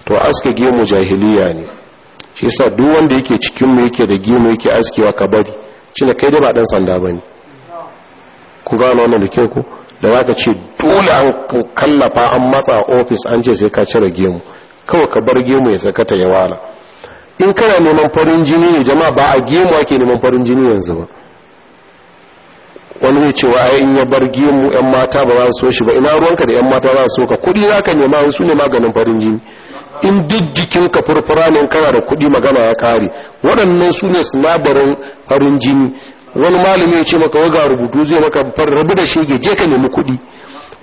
to aske gemu jahiliya ne shi yasa duk wanda yake cikin mu yake da gemu yake askewa ka bari shine kai dai ba dan sanda ba ne ku gano nan da kyau ku da za ka ce dole an kallafa an matsa ofis an ce sai ka cire gemu kawai ka bar gemu ya sakata ya wala in kana neman farin jini ne jama'a ba a gemu ake neman farin jini yanzu ba wani zai cewa ai in ya bar gemu yan mata ba za su so shi ba ina ruwanka da yan mata za su so ka kudi za ka nema su ne maganin farin jini in duk jikin ka furfura ne kana da kudi magana ya kare waɗannan su ne sinadarin farin jini wani malami ya ce maka waga rubutu zai maka rabu da shege je ka nemi kudi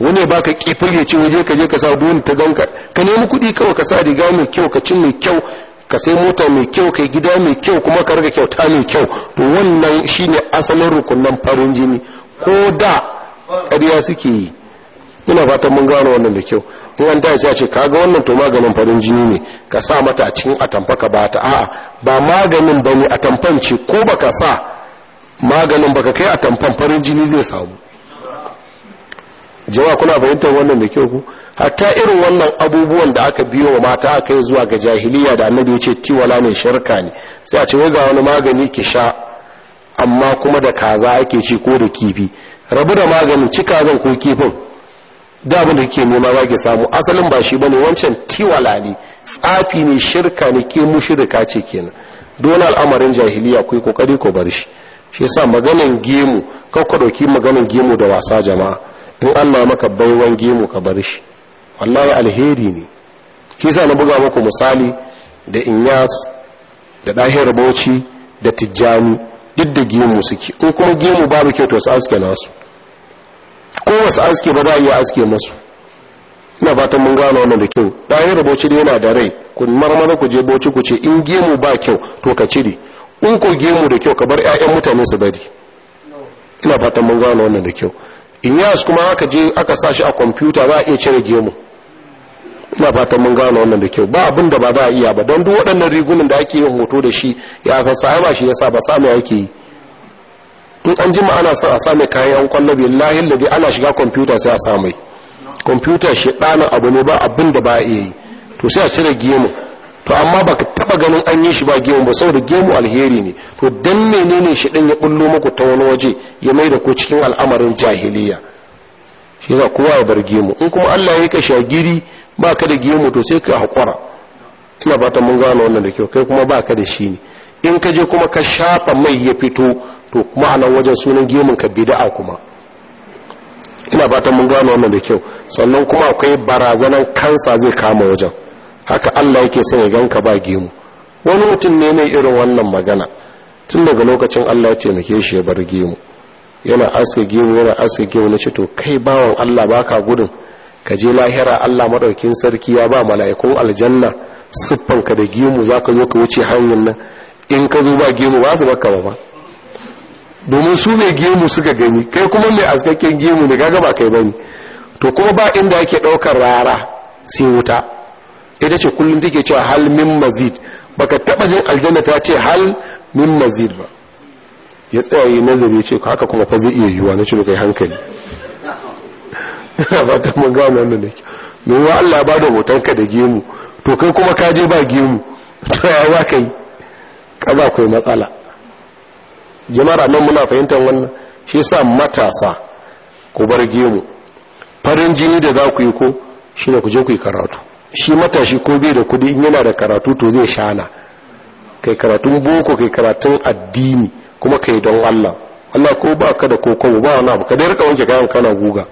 wani ya baka kifir ya ce waje ka je ka sa ta ganka ka nemi kuɗi kawai ka sa riga mai kyau ka cin mai kyau ka sai mota mai kyau kai gida mai kyau kuma ka rika kyauta mai kyau to wannan shine asalin rukunnan farin jini ko da ƙarya suke yi ina fatan mun gano wannan da kyau in an dace ya ce kaga wannan to maganin farin jini ne ka sa mata a cikin atamfa ka bata a'a ba maganin bane atamfan ce ko baka sa maganin baka kai atamfan farin jini zai samu jawa kuna fahimtar wannan da kyau ku hatta irin wannan abubuwan da aka biyo wa mata aka yi zuwa ga jahiliya da annabi ya ce tiwala ne shirka ne sai a ce wai ga wani magani ki sha amma kuma da kaza ake ci ko da kifi rabu da maganin ci kazan ko kifin da abin da kike nema za ki samu asalin ba shi bane wancan tiwala ne tsafi ne shirka ne ke mushrika ce kenan don al'amarin jahiliya ku yi kokari ku bar shi shi yasa maganin gemu kakka dauki maganin gemu da wasa jama'a in Allah maka baiwan gemu ka bar shi wallahi alheri ne kisa na buga muku misali da inyas da dahir bauchi da tijjani duk da gemu suke in kuma gemu babu kyau to su aske nasu ko wasu aske ba za a iya aske masu ina fatan mun gano wannan da kyau dahir bauchi da yana da rai ku marmara ku je bauchi ku ce in gemu ba kyau to ka cire in ku gemu da kyau ka bar 'ya'yan mutane su bari ina fatan mun gano wannan da kyau in yas kuma aka je aka sa shi a kwamfuta za a iya cire gemu ina fatan mun gano wannan da kyau ba abin da ba za a iya ba don duk waɗannan rigunan da ake yin hoto da shi ya san ba shi yasa ba samu yake yi in an jima ana son a sami kayan yan kwallo billahi ladi ana shiga kwamfuta sai a same kwamfuta shi ɗanin abu ne ba abin da ba a iya yi to sai a cire gemu to amma ba ka taɓa ganin an yi shi ba gemu ba saboda gemu alheri ne to dan menene shi din ya bullo muku ta wani waje ya mai da ku cikin al'amarin jahiliya shi za kowa ya bar gemu in kuma Allah ya ka shagiri ka da gemu to sai ka hakura ina ta mun gano wannan da kyau kai kuma ba ka da shi ne in ka je kuma ka shafa mai ya fito to kuma a nan wajen sunan gemun ka bid'a kuma ina ta mun gano wannan da kyau sannan kuma akwai barazanan kansa zai kama wajen haka Allah yake son ya ganka ba gemu wani mutum ne mai irin wannan magana tun daga lokacin Allah ya taimake shi ya bar gemu yana aske gemu yana aske gemu na ci to kai bawan Allah baka gudun ka je lahira Allah madaukin sarki ya ba mala'ikun aljanna siffan ka da gemu zaka zo ka wuce hanyar nan in ka zo ba gemu ba su baka ba domin su ne gemu suka gani kai kuma mai askakken gemu ne kaga ba kai bane to kuma ba inda yake daukar rara sai wuta ta ce kullum take cewa hal min mazid baka taba jin aljanna ta ce hal min mazid ba ya tsaya yi nazari ce haka kuma fa zai iya yiwa na cire kai hankali ba ta mun gano wannan ne don wa Allah ba da hoton ka da gemu to kai kuma ka je ba gemu to ya wa kai ka ba kai matsala jama'a nan muna fahimtar wannan shi yasa matasa ku bar gemu farin jini da za ku yi ko shi ne ku je ku yi karatu shi matashi ko bai da kudi in yana da karatu to zai shana kai karatun boko kai karatun addini kuma kai don Allah Allah ko ba ka da koko ba wani abu ka dai rika wanke kayan kana guga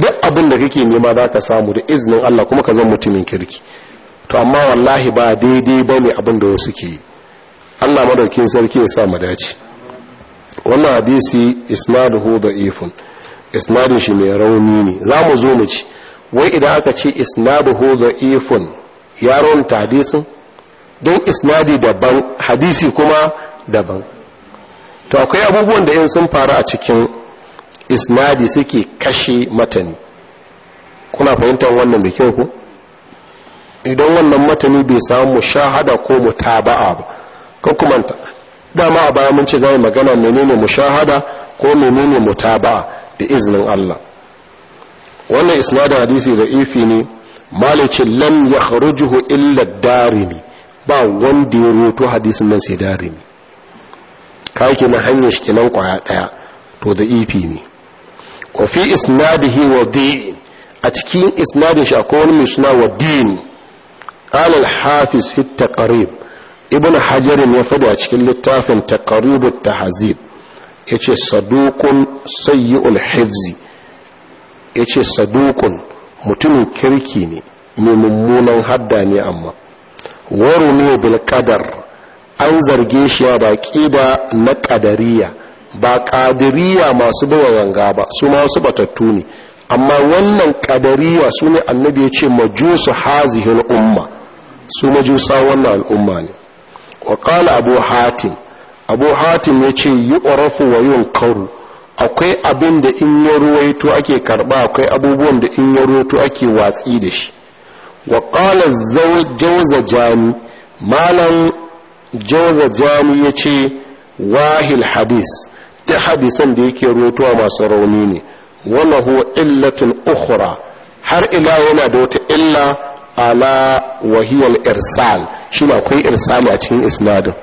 duk abin da kake nema za ka samu da iznin Allah kuma ka zama mutumin kirki to amma wallahi ba daidai ba ne abin da wasu ke yi Allah madaukin sarki ya sa mu dace wannan hadisi isnaduhu Ifun, isnadin shi mai rauni ne za mu zo mu ci wai idan aka ce isnaduhu dha'ifun ya raunta hadisin don isnadi daban hadisi kuma daban to akwai abubuwan da in sun faru a cikin isnadi suke kashe matani kuna fahimtar wannan da kyau ku idan wannan matani bai samu shahada ko mutaba'a ba ko kuma dama a baya mun ce zai magana menene mushahada ko menene mutaba'a da iznin Allah wannan isnadin hadisi da ifi ne malicin lam ya kharujuhu illa darimi ba wanda ya roto hadisin nan sai darimi ka na hanyar shi kenan kwaya daya to da ifi ne wa fi isnadihi wa di'in a cikin isnadin shi akwai wani mai suna wa din alal hafiz fi karib ibn hajarin ya faɗi a cikin littafin taqribut tahzib yace saduqun sayyi'ul hifzi ya ce sadukun mutumin kirki ne mai mummunan hadda ne amma waru ne bilkadar an zarge shi ya da na ƙadariya ba ƙadiriya masu bawa wanga ba su masu batattu ne amma wannan ƙadariya su ne annabi ya ce majusu hazihin umma su majusa wannan al'umma ne wa abu hatim abu hatim ya ce yi ƙorafu wa yi akwai abin da in ya ruwaito ake karba akwai abubuwan da in ya ruwaito ake watsi da shi wa qala jawza jami malam jawza jami yace wahil hadis ta hadisan da yake a masu rauni ne wala huwa illatun ukhra har ila yana da wata illa ala wahiyar irsal shi akwai irsali a cikin isnadin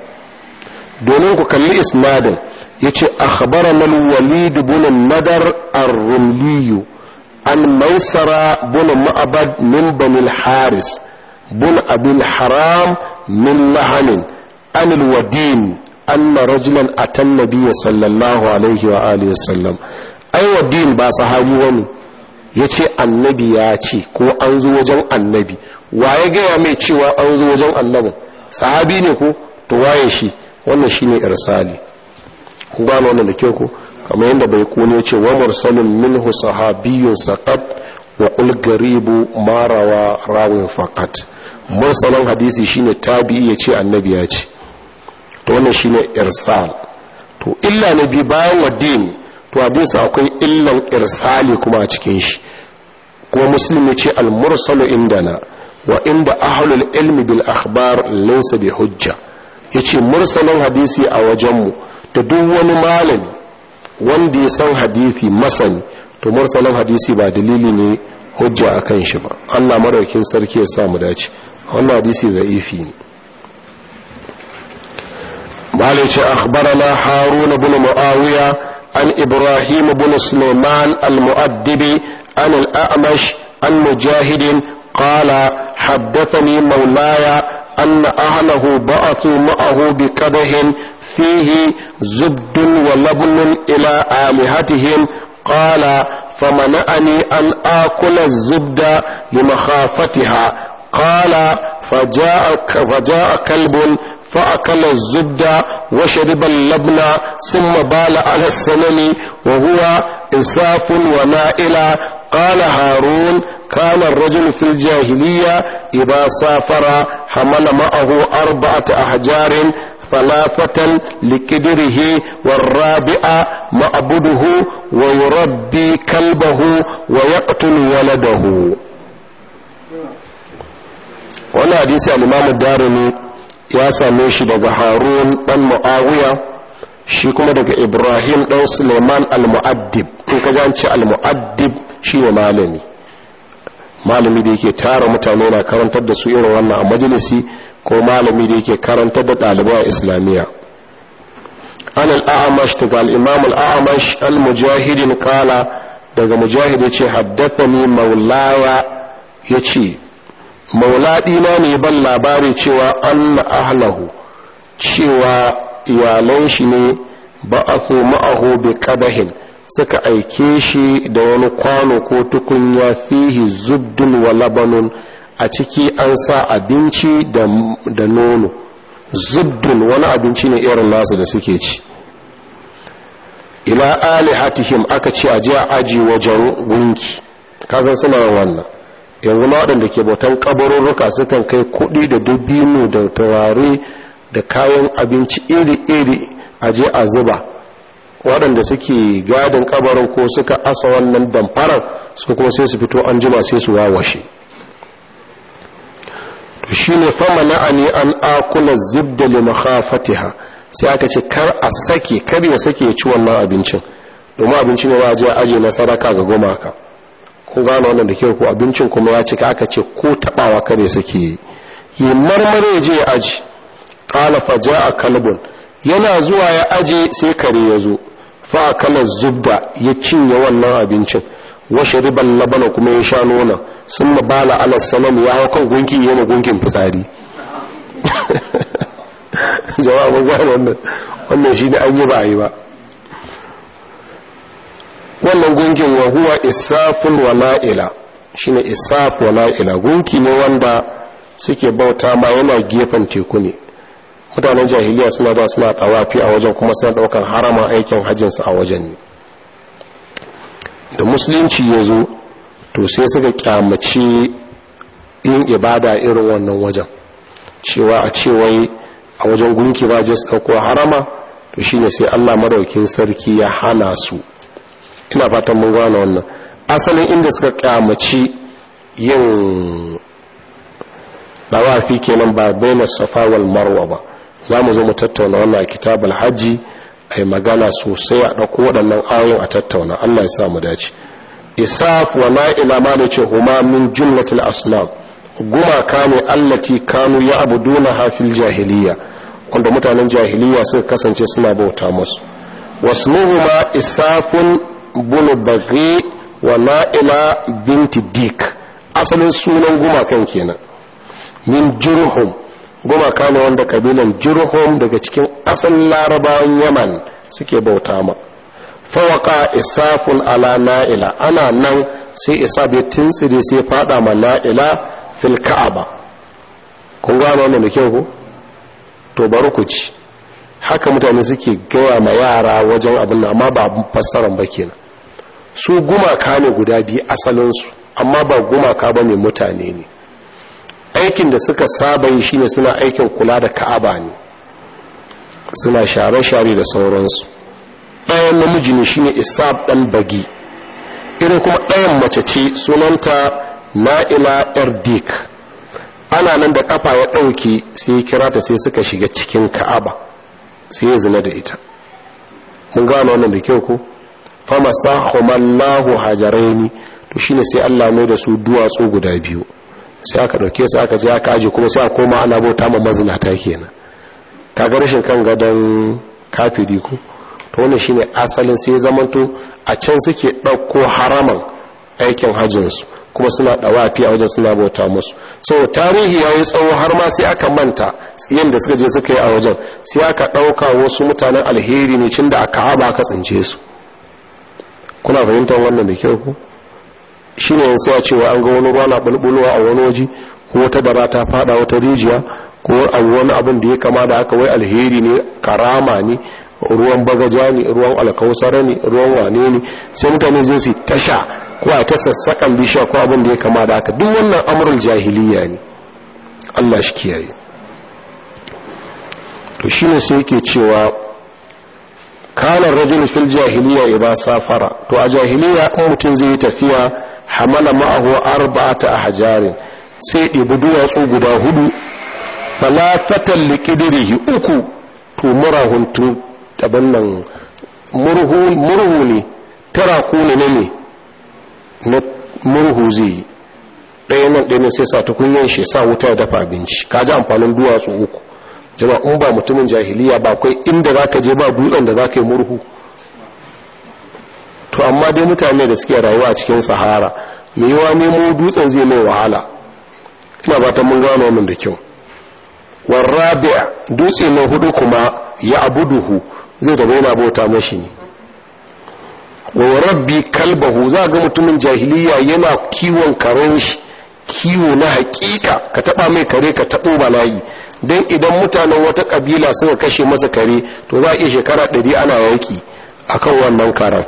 domin ku kalli isnadin yace akhbarana al-walid ibn nadar ar-rumli an maisara ibn ma'bad min bani al-haris ibn abi al-haram min lahan an al-wadim anna rajulan ata an-nabiy sallallahu alaihi wa alihi wasallam ai wadim ba sahabi wani yace annabi ya ce ko an zo wajen annabi waye gaya mai cewa an zo wajen annabi sahabi ne ko to waye shi wannan shine irsali ku gano wannan da kyau ku kamar yadda bai kone ce wa mursalun minhu sahabiyyun saqat wa qul garibu marawa rawin faqat mursalin hadisi shine tabi'i ya ce annabi ya ce to wannan shine irsal to illa na bi bayan wadin to hadisi akwai illan irsali kuma a cikin shi kuma muslim ya ce al mursalu indana wa inda ahlul ilmi bil akhbar laysa bi hujja yace mursalin hadisi a wajenmu da duk wani malami wanda ya san hadisi masani to mursalin hadisi ba dalili ne hujja a kan shi ba allah maraukin sarki ya samu dace wannan hadisi za'ifi ne malice akhbarana haruna bin muawiya an ibrahim bin sulaiman almu'addibi an al'amash an mujahidin qala haddathani maulaya. أن أهله بعثوا معه بقدح فيه زبد ولبن إلى آلهتهم قال فمنعني أن آكل الزبد لمخافتها قال فجاء, فجاء كلب فأكل الزبد وشرب اللبن ثم بال على السنن وهو إنصاف ونائلة قال هارون كان الرجل في الجاهلية إذا سافر حمل معه أربعة أحجار ثلاثة لكدره والرابعة معبده ويربي كلبه ويقتل ولده wannan hadisi al-imamu darimi ya same shi daga harun dan mu'awiya shi kuma daga ibrahim ɗan suleiman al-mu'addib in ka gance al-mu'addib shi ne malami malami da yake tara mutane na karantar da su irin wannan a majalisi ko malami da yake karantar da ɗalibai a islamiyya an al'amash daga al'imam al'amash al-mujahidin kala daga mujahid ya ce haddathani maulawa ya ce na ne ban labari cewa an ahlahu cewa iyalan shi ne ba a so ma'aho bi kadahin suka aike shi da wani kwano ko tukunya fihi zubdun wa labanun a ciki an sa abinci da nono zubdun wani abinci ne irin nasu da suke ci ila alihatihim aka ce a jiya aji wajen gunki kasan suna wannan yanzu ma waɗanda ke bautan kabarurruka sukan kai kuɗi da dubino da turare da kayan abinci iri-iri a je a zuba waɗanda suke gadin kabarin ko suka asa wannan damfarar su kuma sai su fito an jima sai su wawashe to shi ne fama na'ani an akula zibda ha fatiha sai aka ce kar a sake kar ya sake ya ci wannan abincin domin abincin ya ba je na saraka ga gumaka ko gane wannan da ke ko abincin kuma ya cika aka ce ko tabawa kar ya sake yi marmari ya je ya aji qala fa jaa kalbun yana zuwa ya aje sai kare ya zo fa kala zubba ya cinye wannan abincin wa shariban labana kuma ya sha nona sun mabala ala salam ya hau kan gunkin yana gunkin fitsari jawabin gwada wannan wannan shi ne an yi ba a yi ba wannan gunkin wa huwa isafun wa la'ila shi ne isaf wa la'ila gunki ne wanda suke bauta ma yana gefen teku ne mutanen jahiliya suna ba suna tawafi a wajen kuma suna daukan harama aikin hajjinsu a wajen ne da musulunci ya zo to sai suka kyamaci yin ibada irin wannan wajen cewa a cewai a wajen gunki ba jes su ɗauko harama to shi ne sai allah maraukin sarki ya hana su ina fatan mun gane wannan asalin inda suka kyamaci yin dawafi kenan ba bai na safawar marwa ba za mu zo mu tattauna wannan kitabul hajji ai magana sosai a ɗauko waɗannan ayoyin a tattauna allah ya sa mu dace isaf wa na'ila ma da ce huma min jumlatil asnam gumaka ne allati kanu ya abuduna hafil jahiliya wanda mutanen jahiliya suka kasance suna bauta musu ma isafun bunu baghi wa na'ila binti dik asalin sunan gumakan kenan min jurhum gumaka ne wanda kabilan jirhum daga cikin asalin larabawan yaman suke bauta ma fawaka isafun ala na'ila ana nan sai isa bai tinsiri sai fada ma na'ila fil ka'aba kun gano wannan da kyau ko to bari ku ci haka mutane suke gaya ma yara wajen abin nan amma ba fassaran ba kenan su gumaka ne guda biyu asalinsu amma ba gumaka ba ne mutane ne aikin da suka saba yi shine suna aikin kula da ka'aba ne suna share-share da sauransu ɗayan namiji ne shine isab ɗan bagi irin kuma ɗayan mace ce sunanta na'ila erdik ana nan da ƙafa ya ɗauke sai kira ta sai suka shiga cikin ka'aba sai ya zina da ita mun gano wannan da kyau ko fama famasa homallahu ne to shine sai allah mai da su duwatsu guda biyu sai aka dauke su aka je aka aje kuma sai a koma ana bauta ma mazinata kenan kaga rashin kan gadon kafiri ko to wannan shine asalin sai zamanto a can suke ɗauko haraman aikin hajjinsu kuma suna ɗawafi a wajen suna bauta musu so tarihi yayi tsawo har ma sai aka manta tsiyan da suka je suka yi a wajen sai aka ɗauka wasu mutanen alheri ne cin da aka ka tsince su kuna fahimtar wannan da kyau ku shi ne yin sa cewa an ga wani ruwa na bulbulowa a wani waje ko wata bara ta fada wata rijiya ko wani abin da ya kama da haka wai alheri ne karama ne ruwan bagaja ne ruwan alkausar ne ruwan wane ne sai mutane zai su tasha ko a ta sassakan bishiya ko abin da ya kama da haka duk wannan amurul jahiliya ne allah shi kiyaye to shi ne sai ke cewa kanar rajul fil jahiliya iba safara to a jahiliya in mutum zai yi tafiya hamala ma'ahu arba'ata ahjarin sai ɗibi duwatsu guda hudu falafatan liqidrihi uku to murahun daban nan murhu murhu ne tara ku ne ne na murhu zai ɗaya nan ɗaya sai sa tukunyan shi sa wuta ya dafa abinci ka ji amfanin duwatsu uku jama'a in ba mutumin jahiliya ba kai inda za ka je ba dutsen da za ka yi murhu to amma dai mutane da suke rayuwa a cikin sahara mai yiwa nemo dutsen zai mai wahala ina ba ta mun gano min da kyau warrabi'a dutse na hudu kuma ya abuduhu zai tafi yana bauta mashi ne wa rabbi kalbahu za ga mutumin jahiliya yana kiwon karen shi kiwo na hakika ka taba mai kare ka tabo bala'i don idan mutanen wata kabila suka kashe masa kare to za a iya shekara ɗari ana yanki akan wannan karen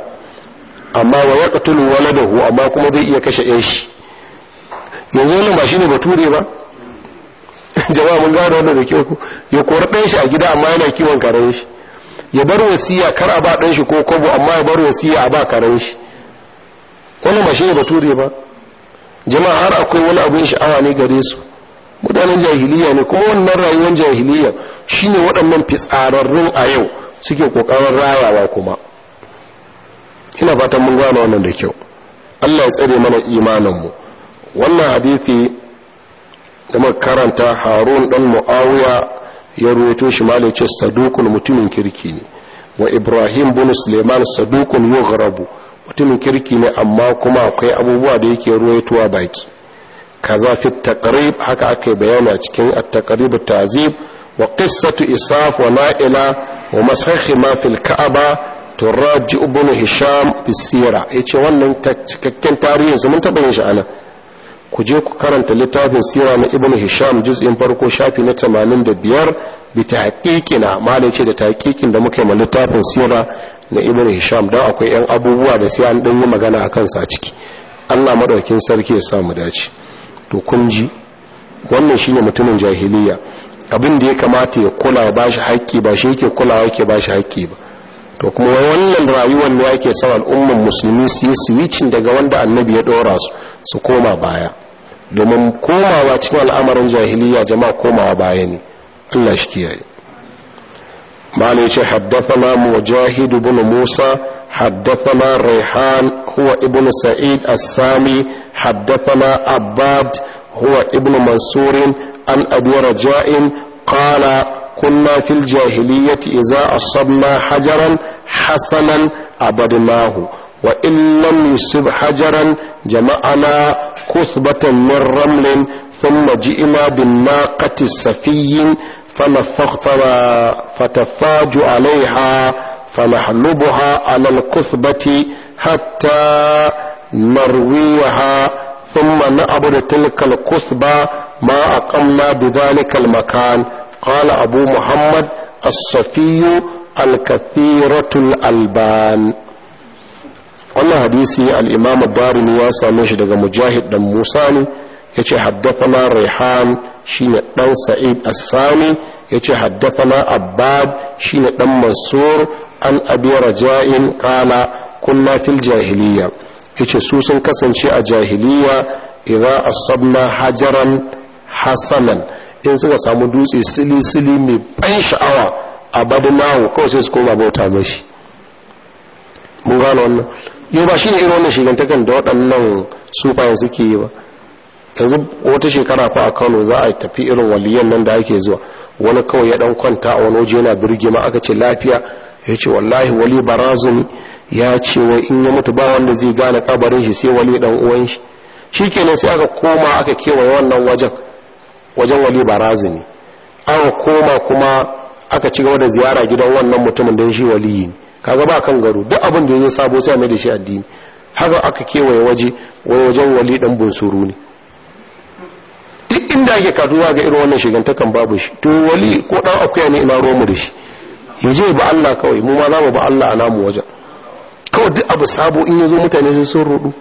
amma wa ya katulu waladahu amma kuma zai iya kashe ɗan shi yanzu wannan ba shine bature ba jama'a mun gano da kyau ya kori ɗan a gida amma yana kiwon karen shi ya bar wasiya kar a ba ɗan ko kobo amma ya bar wasiya a ba karen shi wannan ba shine bature ba jama'a har akwai wani abin sha'awa ne gare su mutanen jahiliya ne kuma wannan rayuwar jahiliya shine waɗannan fitsararrun a yau suke kokarin rayawa kuma ina fatan mun gano wannan da kyau Allah ya tsare mana mu wannan hadithi da makaranta harun dan mu'awiya ya rawaito shi ce sadukun mutumin kirki ne wa ibrahim bin suleiman sadukun yughrabu mutumin kirki ne amma kuma akwai abubuwa da yake ruwaitowa baki kaza fi taqrib haka aka bayana cikin at-taqrib at-ta'zib wa qissatu isaf wa na'ila wa masakhi ma fil ka'aba turaji ibn hisham bisira ya ce wannan cikakken tarihin su mun taɓa yin shi ana ku je ku karanta littafin sira na ibn hisham juz'in farko shafi na 85 bi taqiqina malai ce da taqiqin da muka yi ma littafin sira na ibn hisham dan akwai yan abubuwa da sai an dan yi magana akan sa ciki Allah madaukin sarki ya samu dace to kun ji wannan shine mutumin jahiliya abin da ya kamata ya kula ba shi haƙƙi ba shi yake kulawa yake ba shi haƙƙi ba to kuma wannan rayuwar ne ake sa al'ummar musulmi su yi switchin daga wanda annabi ya dora su su koma baya domin komawa cikin al'amarin jahiliya jama'a komawa baya ne Allah shi kiyaye malai ce haddathana mujahid ibn musa haddathana rayhan huwa ibn sa'id as-sami haddathana abbad huwa ibn mansur an abi raja'in qala kunna fil jahiliyyati a asabna hajaran hasanan abadnahu wa in lam yusib hajaran jama'ana kuthbatan min ramlin thumma ji'na bin naqati safiyyin فتفاج عليها فنحلبها على الكثبة حتى نرويها ثم نعبد تلك الكثبة ما أقمنا بذلك المكان qala abu muhammad as-safiyu al alban wannan hadisi al-imam ad-darimi ya same shi daga mujahid dan musa ne yace haddathana rihan shine dan sa'id as-sami yace haddathana abbad shine dan mansur an abi raja'in qala kunna fil jahiliya yace su sun kasance a jahiliya idza asabna hajaran hasanan in suka samu dutse sili-sili mai ban sha'awa a badinawo kawai sai su koma bauta mashi mun gano wannan yau ba shi ne irin wannan shigantakan da waɗannan sufayen suke yi ba yanzu wata shekara fa a kano za a tafi irin waliyan nan da ake zuwa wani kawai ya ɗan kwanta a wani waje yana ma aka ce lafiya ya ce wallahi wali barazumi ya ce wai in ya mutu ba wanda zai gane kabarin shi sai wali ɗan uwan shi shikenan sai aka koma aka kewaye wannan wajen wajen wali barazini an koma kuma aka ci gaba da ziyara gidan wannan mutumin don shi waliyi ne kaga ba kan garo duk abin da ya sabo sai mai da shi addini haka aka kewaye waje wajen wali dan bunsuru ne duk inda ake kaduwa ga irin wannan shigantakan babu shi to wali ko dan akuya ne ina romu da shi yaje ba Allah kawai mu ma za mu ba Allah a namu wajen kawai duk abu sabo in ya zo mutane sun rudu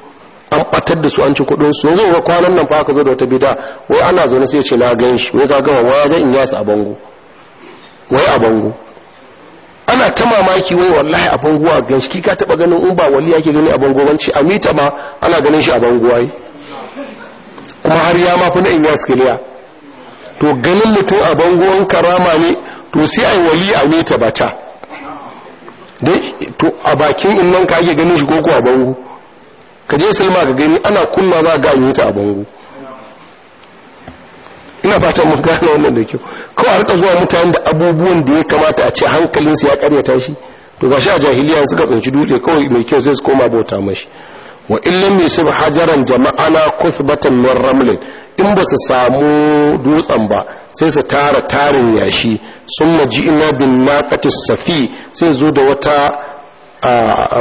an batar da su an ci kudin su yanzu ga kwanan nan fa aka zo da wata bida wai ana zaune sai ce na gan shi wai ka gama waya ga in yasa a bango wai a bango ana ta mamaki wai wallahi a bango a gan shi ki ka taba ganin in ba wali yake gani a bango ci a mita ma ana ganin shi a bango wai kuma har ya ma fi na in yasa kiliya to ganin mutum a an karama ne to sai ai wali a mita bata dai to a bakin in nan ka ake ganin shi koko a bango ka je salma ka gani ana kunna ba ga yi ta a bango ina fata mun gane wannan da kyau kawai a rika zuwa mutane da abubuwan da ya kamata a ce hankalinsu ya karyata shi to ga shi a jahiliya suka tsinci dutse kawai mai kyau sai su koma bauta mashi wa mai yusib hajaran na kuthbatan min ramlin in ba su samu dutsen ba sai su tara tarin yashi sun maji ina bin naqati safi sai zo da wata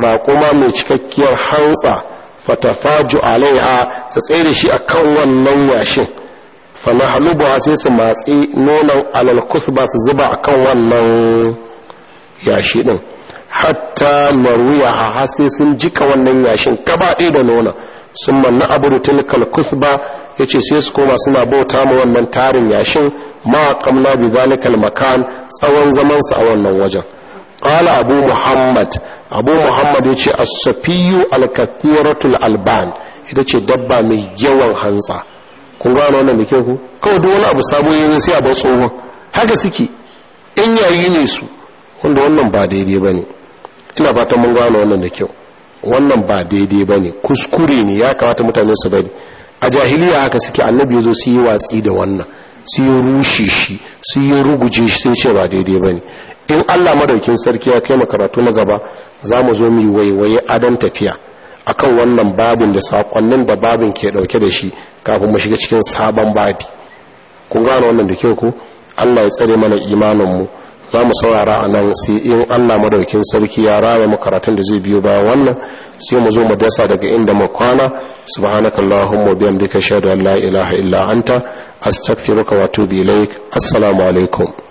raƙuma mai cikakkiyar hantsa fatafaju alaiha su tsere shi a kan wannan yashin fa sai su matsi nonon alal kuthba su zuba a kan wannan yashi din hatta maruya a sai sun jika wannan yashin gabaɗe da nonon sun manna abu tilkal ya yace sai su koma suna bauta ma wannan tarin yashin ma kamna bi zalikal makan tsawon zamansu a wannan wajen qala abu muhammad abu muhammad ya ce asafiyu alkakuratul alban ita ce dabba mai yawan hantsa kun gano wannan da kyau ku kawai duk wani abu sabo yi sai a bar tsohon haka suke in yayi ne su wanda wannan ba daidai ba ne ina ta mun gano wannan da kyau wannan ba daidai ba ne kuskure ne ya kamata mutane su bari a jahiliya haka suke annabi ya zo su yi watsi da wannan su yi rushe shi su yi ruguje shi sai ba daidai ba ne in allah madaukin sarki ya kai karatu na gaba za mu zo mu waiwaye adon tafiya akan wannan babin da sakonnin da babin ke ɗauke da shi kafin mu shiga cikin sabon babi kun gano wannan da kyau ko Allah ya tsare mana imaninmu za mu saurara a nan sai in Allah madaukin sarki ya raya mu karatun da zai biyo bayan wannan sai mu zo mu dasa daga inda mu kwana subhanakallahumma bihamdika ashhadu an la ilaha illa anta astaghfiruka wa atubu ilaik assalamu alaikum